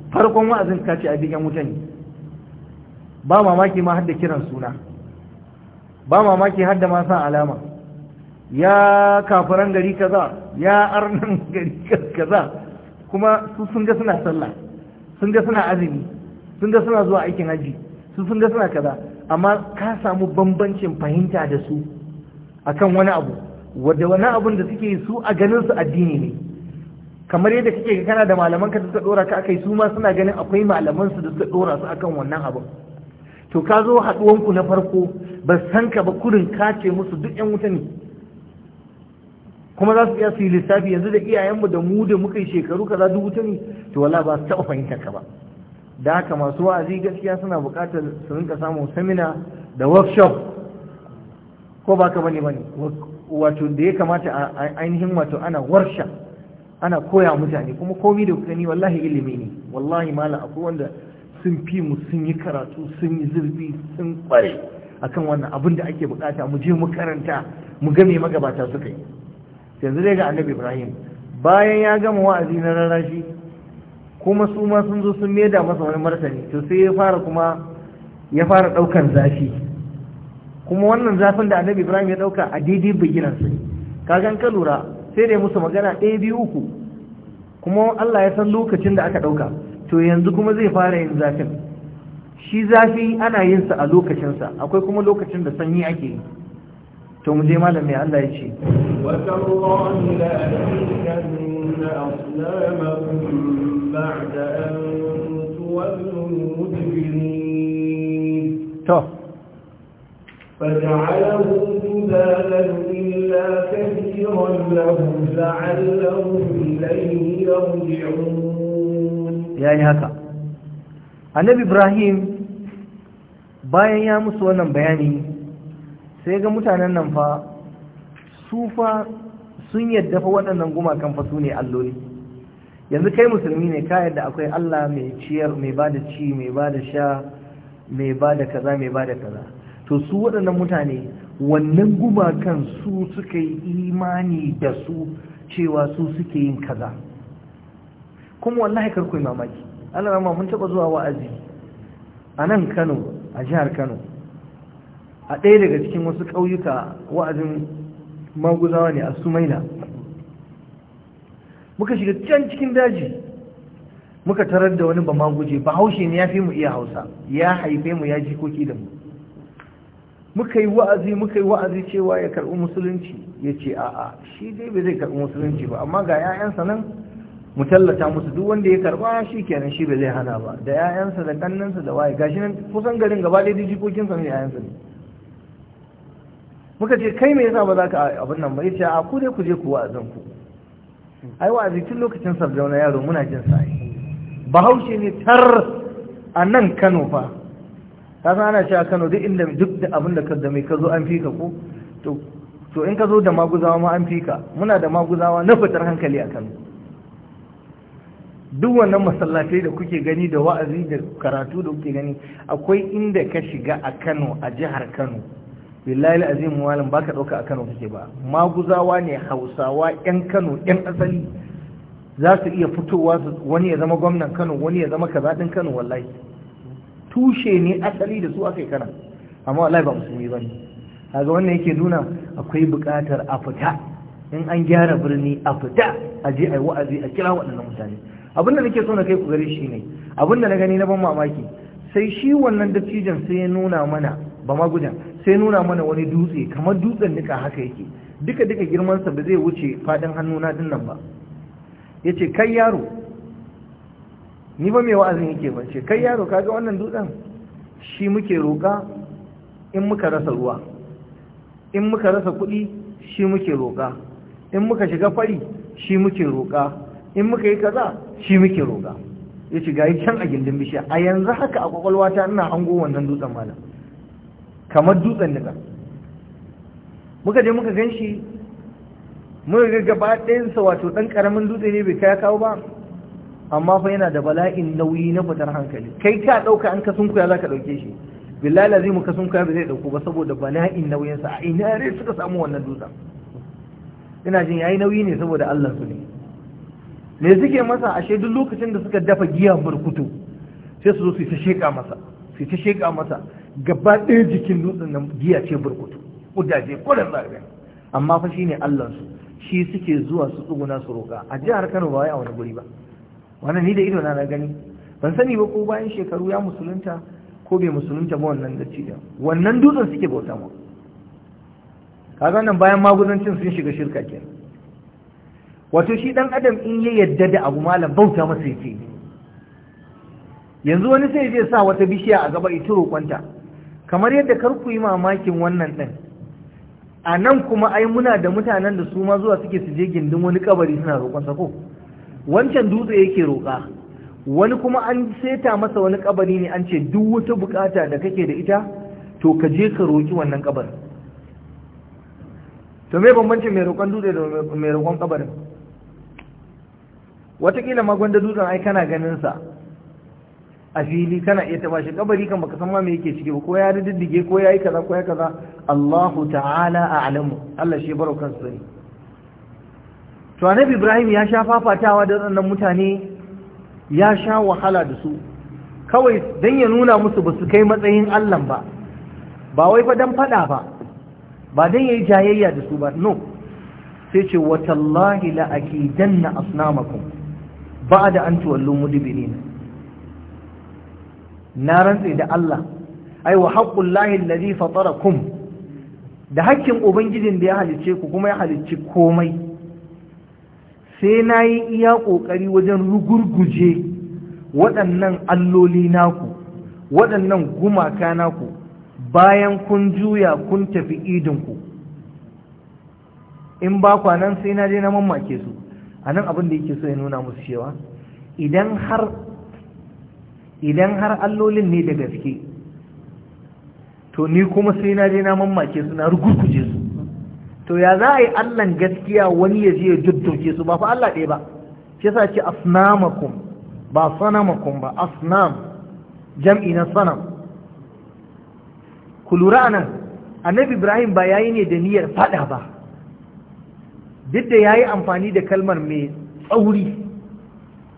farkon wa'azin ka ce a duk 'yan mutane ba mamaki ma hadda kiran suna ba mamaki hadda ma san alama ya kafiran gari kaza ya arnan <laughs> gari kaza kuma su sun ga suna sallah sun ga suna azumi sun ga suna zuwa aikin haji su sun ga suna kaza amma ka samu bambancin fahimta da su akan wani abu wadda wani abun da suke su a ganin su addini ne kamar yadda kake kana da malaman ka da suka dora ka akai su ma suna ganin akwai malaman su da suka dora su akan wannan abun to ka zo haɗuwanku na farko ba san ka ba kurin kace musu duk 'yan wuta ne kuma za su iya su yi lissafi yanzu da iyayenmu da mu da muka yi shekaru kaza duk wuta ne to wala ba su taɓa fahimtar ka ba da haka masu wa'azi gaskiya suna buƙatar su rinka samun samina da workshop ko ba ka bane bane wato da ya kamata a ainihin wato ana warsha ana koya mutane kuma komi da kuka ni wallahi ilimi ne wallahi mala akwai wanda sun fi mu sun yi karatu sun yi zurfi sun kware akan wannan abin da ake bukata mu je mu karanta mu game magabata suka yi yanzu dai ga annabi ibrahim bayan ya gama wa'azi na rarrashi kuma su ma sun zo sun meda masa wani martani to sai ya fara kuma ya fara daukan zafi kuma wannan zafin da annabi ibrahim ya dauka a daidai bigiran sai kagan ka lura sai dai musu magana ɗaya biyu uku kuma Allah ya san lokacin da aka dauka to yanzu kuma zai fara yin zafin shi zafi ana yin sa a lokacinsa akwai kuma lokacin da sanyi ake yi to mu je malam mai Allah ya ce to فجعلهم إلا كثيرا لهم لعلهم إليه يرجعون ya yi haka annabi ibrahim bayan ya musu wannan bayani sai ga mutanen nan fa su sun yadda fa waɗannan gumakan fa su ne alloli yanzu kai musulmi ne ka yadda akwai allah mai ciyar mai ba da ci mai ba da sha mai ba da kaza mai ba da kaza to su waɗannan mutane wannan gumakan su suka yi imani da su cewa su suke yin kaza kuma wallahi karku mamaki Allah rama mun taba zuwa wa'azi a nan Kano a jihar Kano a ɗaya daga cikin wasu ƙauyuka wa'azin maguzawa ne a Sumaina. muka shiga can cikin daji muka tarar da wani ba maguje ba haushe ne ya fi mu iya Hausa ya haife mu ya jikoki da mu muka yi wa'azi muka yi wa'azi cewa ya karɓi musulunci ya ce a'a shi dai bai zai karɓi musulunci ba amma ga 'ya'yansa nan mu tallata musu duk wanda ya karba shi kenan shi ba zai hana ba da ƴaƴansa da ƙannansa da waye gashi nan kusan garin gaba ɗaya da jikokinsa ne ƴaƴansa ne muka ce kai me yasa ba za ka abin nan ba ya ce a ku dai ku je ku wa'azin ku ai wa'azi tun lokacin sardauna yaro muna jin sa bahaushe ne tar a nan kano fa ka san ana cewa kano duk inda duk da abin da ka da ka zo an fika ko to to in ka zo da maguzawa ma an fika muna da maguzawa na fitar hankali a kano duk wannan masallatai da kuke gani da wa'azi da karatu da kuke gani akwai inda ka shiga a Kano a jihar Kano billahi azim malam baka dauka a Kano kake ba maguzawa ne Hausawa yan Kano yan asali za su iya fitowa wani ya zama gwamnan Kano wani ya zama kaza Kano wallahi tushe ne asali da su aka yi kana amma wallahi ba musulmi bane kaga wannan yake nuna akwai buƙatar a fita in an gyara birni a fita a je a yi wa'azi a kira waɗannan mutane abinda nake so na kai ku gare shi ne abinda na gani na ban mamaki sai shi wannan dattijan sai ya nuna mana ba ma gudan sai nuna mana wani dutse kamar dutsen nika haka yake duka duka girmansa ba zai wuce fadin hannuna na dinnan ba Yace kai yaro ni ba mai wa'azin yake ba ce kai yaro kaga wannan dutsen shi muke roƙa in muka rasa ruwa in muka rasa kuɗi shi muke roƙa in muka shiga fari shi muke roƙa in muka yi kaza shi muke roga ya ce ga yi can a gindin bishiya a yanzu haka a kwakwalwata ina hango wannan dutsen malam kamar dutsen nika muka je muka gan shi muka ga gaba ɗayansa wato ɗan ƙaramin dutse ne bai kaya kawo ba amma fa yana da bala'in nauyi na fitar hankali kai ka ɗauka an ka sunkuya za ka ɗauke shi billahi lazimu ka sunkuya ba zai ɗauko ba saboda bala'in nauyinsa a ina rai suka samu wannan dutsen ina jin yayi nauyi ne saboda Allah su ne me suke masa ashe duk lokacin da suka dafa giya burkutu sai su zo su ta sheka masa su ta sheka masa gaba ɗaya jikin dutsen nan giya ce burkutu kudaje da zaɓe amma fa shine Allah su shi suke zuwa su tsuguna su roƙa a jihar Kano ba wai a wani guri ba wannan ni da ido na na gani ban sani ba ko bayan shekaru ya musulunta ko bai musulunta ba wannan da cikin wannan dutsen suke bauta mu kaga nan bayan magudancin sun shiga shirka kenan wato shi dan adam in ya yadda da abu malam bauta masa yake yanzu wani sai zai sa wata bishiya a gaba ita roƙonta kamar yadda kar ku yi mamakin wannan din a nan kuma ai muna da mutanen da su ma zuwa suke su je gindin wani kabari suna roƙonsa ko wancan dutse yake roƙa wani kuma an seta masa wani kabari ne an ce duk wata bukata da kake da ita to ka je ka roƙi wannan kabarin to me bambancin mai roƙon dutse da mai roƙon kabarin watakila ma gwanda dutsen ai kana ganin sa a fili kana iya taba shi kabari kan baka san ma me yake ciki ba ko ya diddige ko yayi kaza ko ya kaza Allahu ta'ala a'lamu Allah shi baro kan sani to annabi Ibrahim ya sha fafatawa da wannan mutane ya sha wahala da su kawai dan ya nuna musu ba su kai matsayin Allah ba ba wai fa dan fada ba ba dan yayi jayayya da su ba no sai ce watallahi la akidanna asnamakum ba da an tuwallu mudubirina na rantse da Allah ai wa haqqul lahi allazi kum da haƙƙin ubangijin da ya halicce ku kuma ya halicci komai sai na yi iya ƙoƙari wajen rugurguje waɗannan alloli naku waɗannan gumaka naku bayan kun juya kun tafi idinku in ba kwanan sai na je na mamake su a nan abin da yake so ya nuna musu cewa idan har idan har allolin ne da gaske to ni kuma sai na je na mamake su na rugurkuje su to ya za a yi allan gaskiya wani ya je ya juddoke su ba fa allah ɗaya ba shi yasa ce asnamakum ba sanamakum ba asnam jam'i na sanam ku lura anan annabi ibrahim ba yayi ne da niyyar fada ba duk da ya yi amfani da kalmar mai tsauri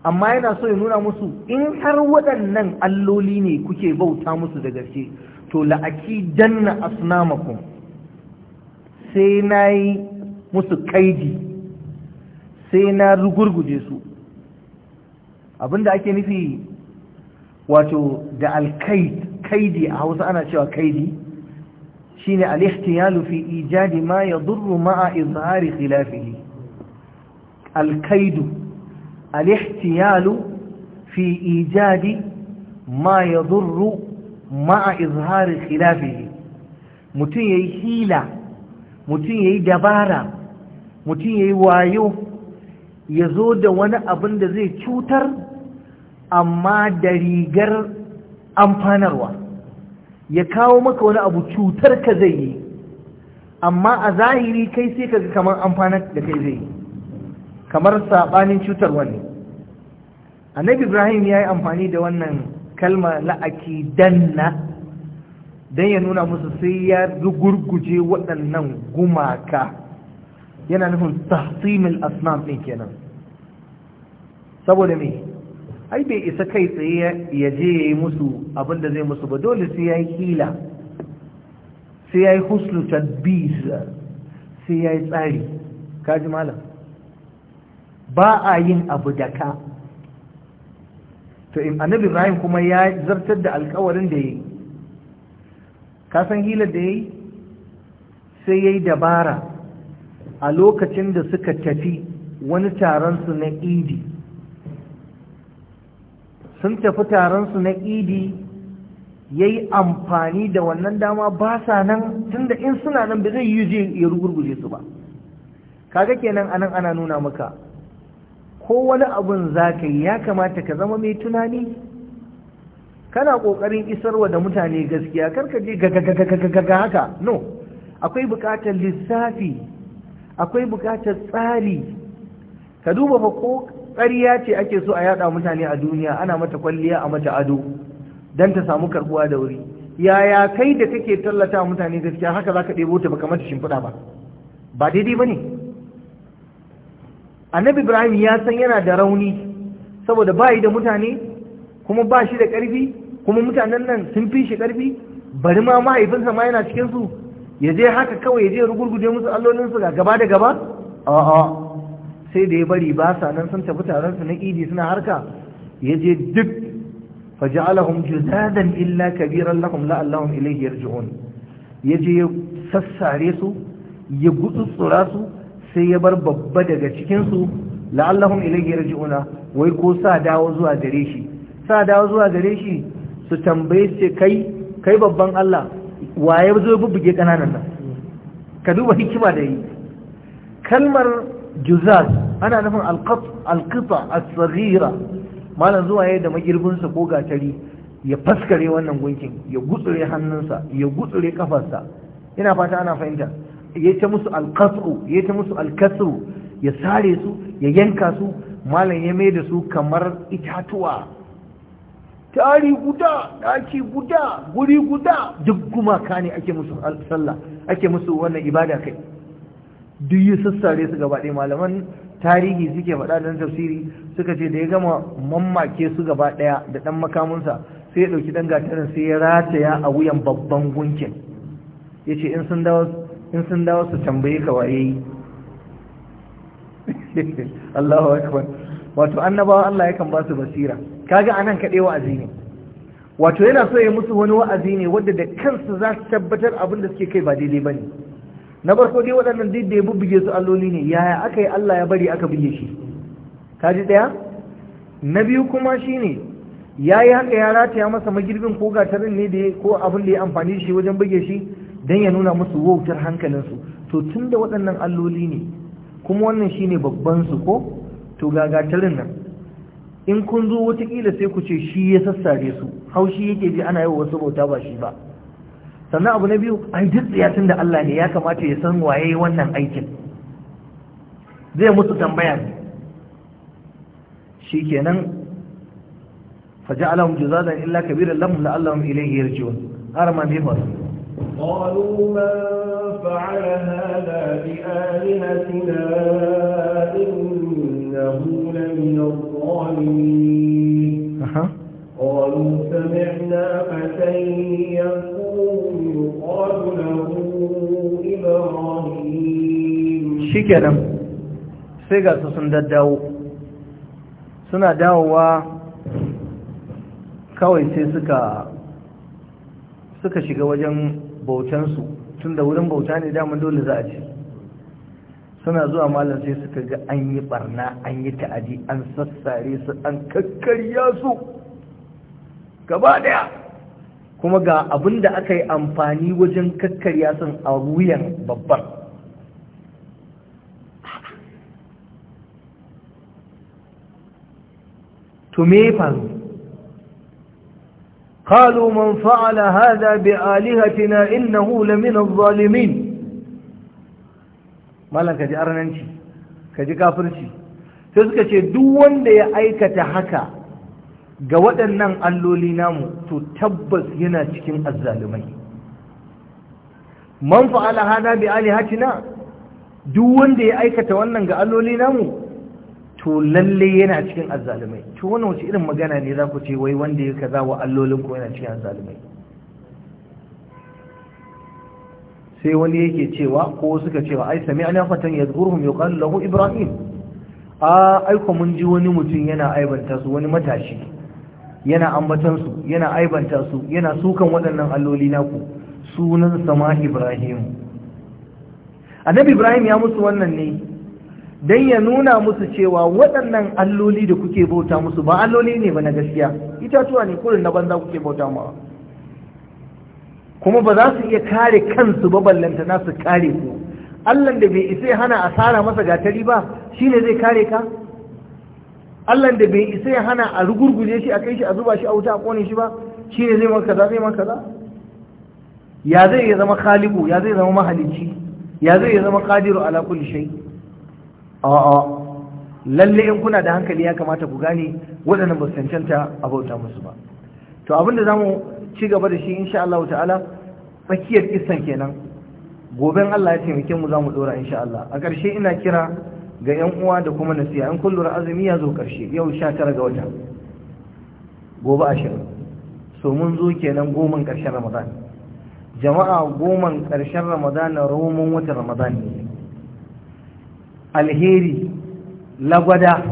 amma yana so ya nuna musu in har waɗannan alloli ne kuke bauta musu da gaske to la'aki danna asnamakum sai na yi musu kaidi sai na rugurguje su abinda ake nufi wato da alkaid kaidi a hausa ana cewa kaidi shine al-ihtiyalu fi ijadi ma yadurru ma'a izhari khilafihi al-kaidu al-ihtiyalu fi ijadi ma yadurru ma'a izhari khilafihi mutum yayi hila mutum yayi dabara mutum yayi wayo ya zo da wani abun da zai cutar amma da rigar amfanarwa ya kawo maka wani abu cutar ka zai yi amma a zahiri kai sai ka kamar amfanar da kai zai yi kamar saɓanin cutar wani annabi ibrahim ya yi amfani da wannan kalma Danna, don ya nuna musu sai ya gurguje waɗannan gumaka yana nufin tasimil asnan ɗin kenan saboda me ai bai isa kai tsaye ya je ya yi musu abinda zai musu ba dole sai ya yi hila sai ya yi huslu tadbir sai ya yi tsari kaji malam ba a yin abu da ka to in annabi ibrahim kuma ya zartar da alkawarin da ya yi kasan hilar da ya yi sai ya yi dabara a lokacin da suka tafi wani taron su na idi sun tafi taron su na idi yayi amfani da wannan dama ba sa nan tunda in suna nan ba zai yi ya rugurguje su ba kaga kenan anan ana nuna maka ko wani abun zaka yi ya kamata ka zama mai tunani kana kokarin isarwa da mutane gaskiya kar ka je ga haka no akwai bukatar lissafi akwai buƙatar tsari ka duba fa ko ƙarya ce ake so a yada mutane a duniya ana mata kwalliya a mata ado don ta samu karbuwa da wuri yaya kai da kake tallata mutane gaskiya haka za ka ɗebo ta baka mata shimfiɗa ba ba daidai ba ne annabi ibrahim ya san yana da rauni saboda ba yi da mutane kuma ba shi da ƙarfi kuma mutanen nan sun fi shi ƙarfi bari ma mahaifinsa ma yana cikinsu ya je haka kawai ya je rugurguje musu allolinsu ga gaba da gaba a'a sai da ya bari ba sa nan sun tafi taron su na idi suna harka ya je duk faja'alahum juzadan illa kabiran lahum allahum ilayhi yarji'un ya je ya sassare su ya gutsutsura su sai ya bar babba daga cikin su allahum ilayhi yarji'un wai ko sa dawo zuwa gare shi sa dawo zuwa gare shi su tambaye su kai kai babban Allah waye zo bubbuge kananan nan ka duba hikima da yi kalmar juzaz ana nufin alƙita a tsagira malam zuwa ya da sa ko gatari ya faskare wannan gunkin ya gutsure hannunsa ya gutsure kafarsa ina fata ana fahimta ya ta musu alkatsu ya ta musu ya sare su ya yanka su malam ya mai da su kamar itatuwa tari guda daki guda guri guda duk gumaka ne ake musu sallah ake musu wannan ibada kai duk yi sassare su gaba ɗaya malaman tarihi suke faɗa don tafsiri suka ce da ya gama mammake su gaba ɗaya da ɗan makamunsa sai ya ɗauki ɗan gatarin sai ya rataya a wuyan babban gunkin ya ce in sun dawo su tambaye ka waye yi <laughs> Allahu akbar wato annabawa Allah yakan ba su basira kaga anan kaɗai wa'azi ne wato yana so ya musu wani wa'azi ne wadda da kansu za su tabbatar abin da suke kai ba daidai ba ne na farko dai waɗannan duk da ya bubbuge su alloli ne yaya aka yi Allah ya bari aka buge shi Ka ji ɗaya na biyu kuma shi ne, ya yi haka ya rataya masa magirbin ko gatarin ne da ko abin da ya amfani shi wajen buge shi don ya nuna musu wautar hankalinsu to tun da waɗannan alloli ne kuma wannan ne babban su ko to ga gatarin nan in kun zo watakila sai ku ce shi ya sassare su haushi yake ji ana yi wasu bauta ba shi ba sannan abu na biyu ai duk tsiyatin da Allah ne ya kamata ya san waye wannan aikin zai musu tambaya shi kenan faji alamun illa kabir lamun na Allahun ilai yi yarjiwa arama ne ba su ƙwarumar fa’ar قالوا سمعنا فتى يقول يقال له إبراهيم شكرا سنة kawai sai suka suka shiga wajen bautansu tun da wurin bauta ne daman dole za a ce suna zuwa malam sai suka ga an yi barna an yi ta'adi an sassare su an kakkarya su gaba daya kuma ga abin da aka yi amfani wajen kakkarya sun a wuyan babban tumefan kalu man fa'ala hada bi alihatina innahu lamina zalimin malaka ji arnanci, ka ji kafirci sai suka ce duk wanda ya aikata haka ga waɗannan alloli namu to tabbas yana cikin azzalumai man fa'ala hada bi alihatina duk wanda ya aikata wannan ga alloli namu to lalle yana cikin azzalumai to wannan wace irin magana ne za ku ce wai wanda ya kaza wa allolin ku yana cikin azzalumai sai wani yake cewa ko suka cewa ai sami ana fatan yadhkuruhum yuqalu lahu ibrahim a aiko mun ji wani mutum yana aibanta su wani matashi yana ambatansu yana aibanta su yana sukan waɗannan alloli naku sunan sama ibrahim annabi ibrahim ya musu wannan ne don ya nuna musu cewa waɗannan alloli da kuke bauta musu ba alloli ne ba na gaskiya itatuwa ne kurin na banza kuke bauta ma kuma ba za su iya kare kansu ba ballanta na su kare ku allan da bai isa hana asara masa gatari ba shine zai kare ka Allah da bai isa ya hana a rugurguje shi a kai shi a zuba shi a wuta a kone shi ba shi ne zai maka kaza zai maka kaza ya zai ya zama khaliqu ya zai zama mahalicci ya zai ya zama qadiru ala kulli shay a lalle in kuna da hankali ya kamata ku gane waɗannan ba su cancanta a bauta musu ba to abin da zamu ci gaba da shi insha Allah ta'ala tsakiyar kissan kenan goben Allah ya taimake mu zamu dora insha Allah a ƙarshe ina kira ga yan uwa da kuma nasiya, an kullum azumi ya zo karshe yau 19 ga wata gobe 20 so mun zo kenan goman karshen ramadan jama'a goman karshen ramadan roman wata ramadan ne alheri lagwada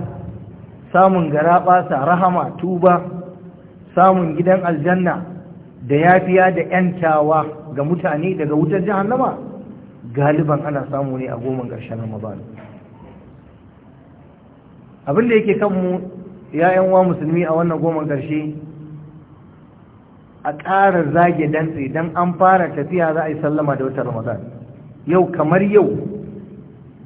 samun garaɓasa, rahama tuba samun gidan aljanna da yafiya da yantawa ga mutane daga wutar jahannama galiban ana samu ne a goman karshen ramadan abin da yake kanmu yayan wa musulmi a wannan goman ƙarshe a ƙara zage dantse don an fara tafiya za a yi sallama da wata ramadan yau kamar yau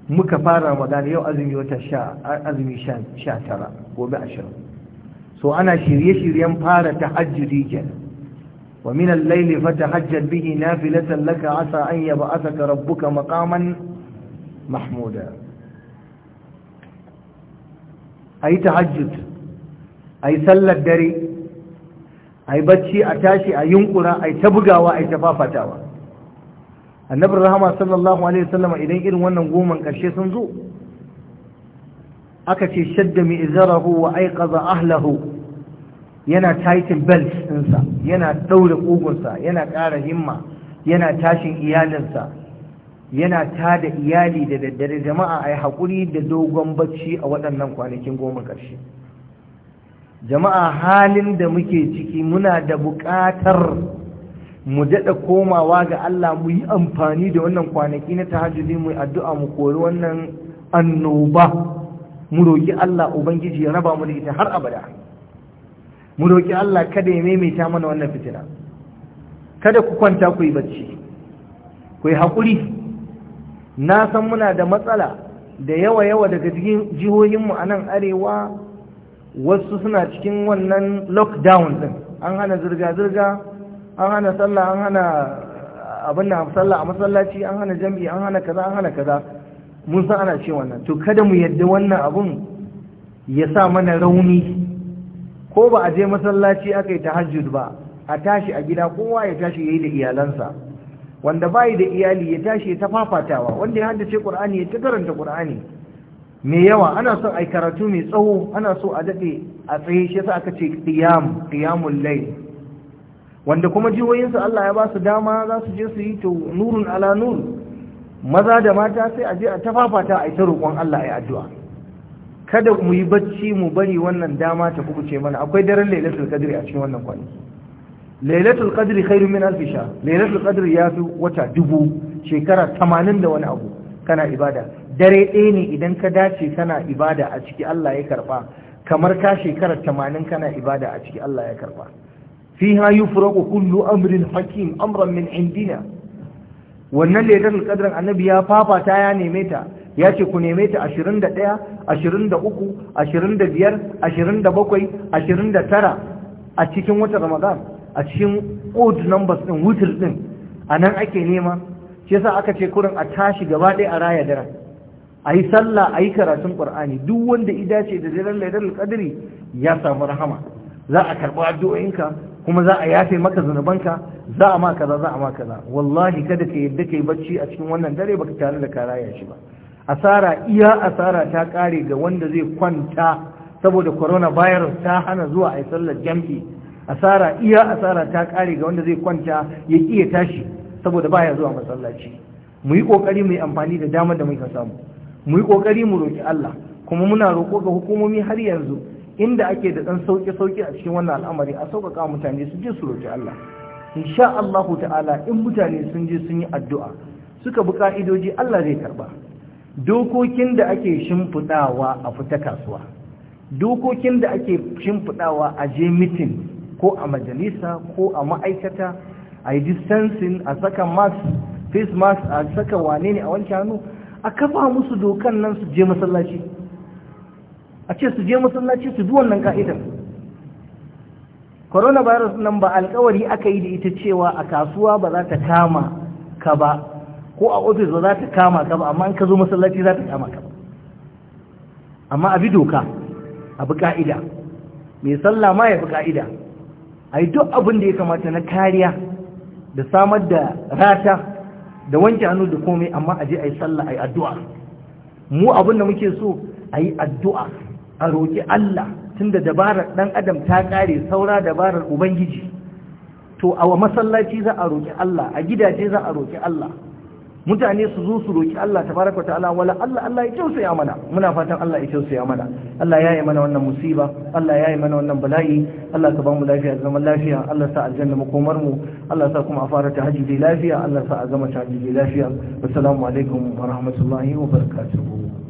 muka fara ramadan yau azumi wata azumi sha tara gobe ashirin so ana shirye-shiryen fara ta Hajji Wa minan tahajjudi kenan ومن الليل فتهجد به نافلة لك عسى أن يبعثك ربك مقاما محمودا a yi tahajjud a yi sallar dare a yi bacci a tashi a yunkura a yi ta bugawa a yi ta fafatawa Annabi rahama sallallahu alaihi wasallama idan irin wannan goman ƙarshe sun zo aka ce shadda mai wa aikaza ahlahu yana titan belt ɗinsa yana ɗaure ƙugunsa yana ƙara himma yana tashin iyalinsa yana tada iyali da daddare jama'a a yi haƙuri da dogon bacci a waɗannan kwanakin goma ƙarshe jama'a halin da muke ciki muna da buƙatar mu daɗa komawa ga Allah mu yi amfani da wannan kwanaki na tahajjudi mu addu'a mu kori wannan annoba mu roƙi Allah ubangiji ya raba mu da ita har abada mu roƙi Allah kada ya maimaita mana wannan fitina kada ku kwanta ku yi bacci ku yi haƙuri na san muna da matsala da yawa-yawa daga jihohinmu a nan arewa wasu suna cikin wannan lockdown din an hana zirga-zirga an hana sallah an hana eh, abin da sallah a masallaci an hana jam'i an hana kaza an hana kaza mun san ana ce wannan to kada mu yadda wannan abun ya sa mana rauni ko ba a je masallaci aka yi tahajjud ba a tashi a gida kowa ya tashi ya yi da iyalansa wanda bai da iyali ya tashi ta fafatawa wanda ya haddace qur'ani ya ta karanta qur'ani mai yawa ana son ai karatu mai tsawo ana so a daɗe a tsaye shi yasa aka ce qiyam qiyamul layl wanda kuma su Allah ya ba su dama za su je su yi to nurun ala nur maza da mata sai a je a ta fafata a ita roƙon Allah ya addu'a kada mu yi bacci mu bari wannan dama ta kubuce mana akwai daren lailatul qadri a cikin wannan kwanaki lailatul qadri khairun min alf shahr lailatul qadri wata dubu shekara 80 da wani abu kana ibada dare ɗaya ne idan ka dace kana ibada a ciki Allah ya karba kamar ka shekara 80 kana ibada a ciki Allah ya karba fiha yufraqu kullu amrin hakim amran min indina wannan lailatul qadrin annabi ya fafata ya neme ta ya ce ku neme ta 21 23 25 27 a cikin watan Ramadan a cikin old numbers din wutar din a nan ake nema shi yasa aka ce kurin a tashi gaba ɗaya a raya dara a yi sallah a yi karatun ƙur'ani duk wanda i dace da daren laidar alƙadiri ya samu rahama za a karɓi addu'o'inka kuma za a yafe maka zunubanka za a ma kaza za a ma kaza wallahi kada ka yadda ka yi bacci a cikin wannan dare baka tare da ka raya shi ba asara iya asara ta kare ga wanda zai kwanta saboda coronavirus ta hana zuwa a yi sallar jam'i asara iya asara ta kare ga wanda zai kwanta ya iya tashi saboda baya zuwa masallaci mu yi kokari mu yi amfani da damar da muka samu mu yi kokari mu roki Allah kuma muna roko ga hukumomi har yanzu inda ake da dan sauki sauki a cikin wannan al'amari a sauƙaƙa mutane su je su roki Allah insha Allah ta'ala in mutane sun je sun yi addu'a suka bi ka'idoji Allah zai karba dokokin da ake shimfidawa a fita kasuwa dokokin da ake shimfidawa a je meeting ko a majalisa ko a ma'aikata a yi distancing a saka mask face mask a saka wane ne a wanke hannu a kafa musu dokan nan su je masallaci a ce su je masallaci su bi wannan ka'idan coronavirus nan ba alkawari aka yi da ita cewa a kasuwa ba za ta kama ka ba ko a ofis ba za ta kama ka ba amma in ka zo masallaci za ta kama ka ba amma a bi doka a bi ka'ida mai sallah ma ya bi ka'ida a yi duk abin da ya kamata na kariya da samar da rata da wanke hannu da komai amma a je a yi sallah a yi addu'a mu abin da muke so a yi addu'a a roƙi Allah tunda dabarar ɗan adam ta ƙare saura dabarar ubangiji to a masallaci za a roƙi Allah a gidaje za a roƙi Allah mutane su zo su roki Allah tabaraka ta'ala wala Allah Allah ya tausaya muna fatan Allah ya tausaya mana Allah ya yi mana wannan musiba Allah ya yi mana wannan bala'i Allah ka ba mu lafiya zaman lafiya Allah sa aljanna komar mu Allah sa kuma a fara ta haji lafiya Allah sa a gama ta haji lafiya assalamu alaikum wa rahmatullahi wa barakatuh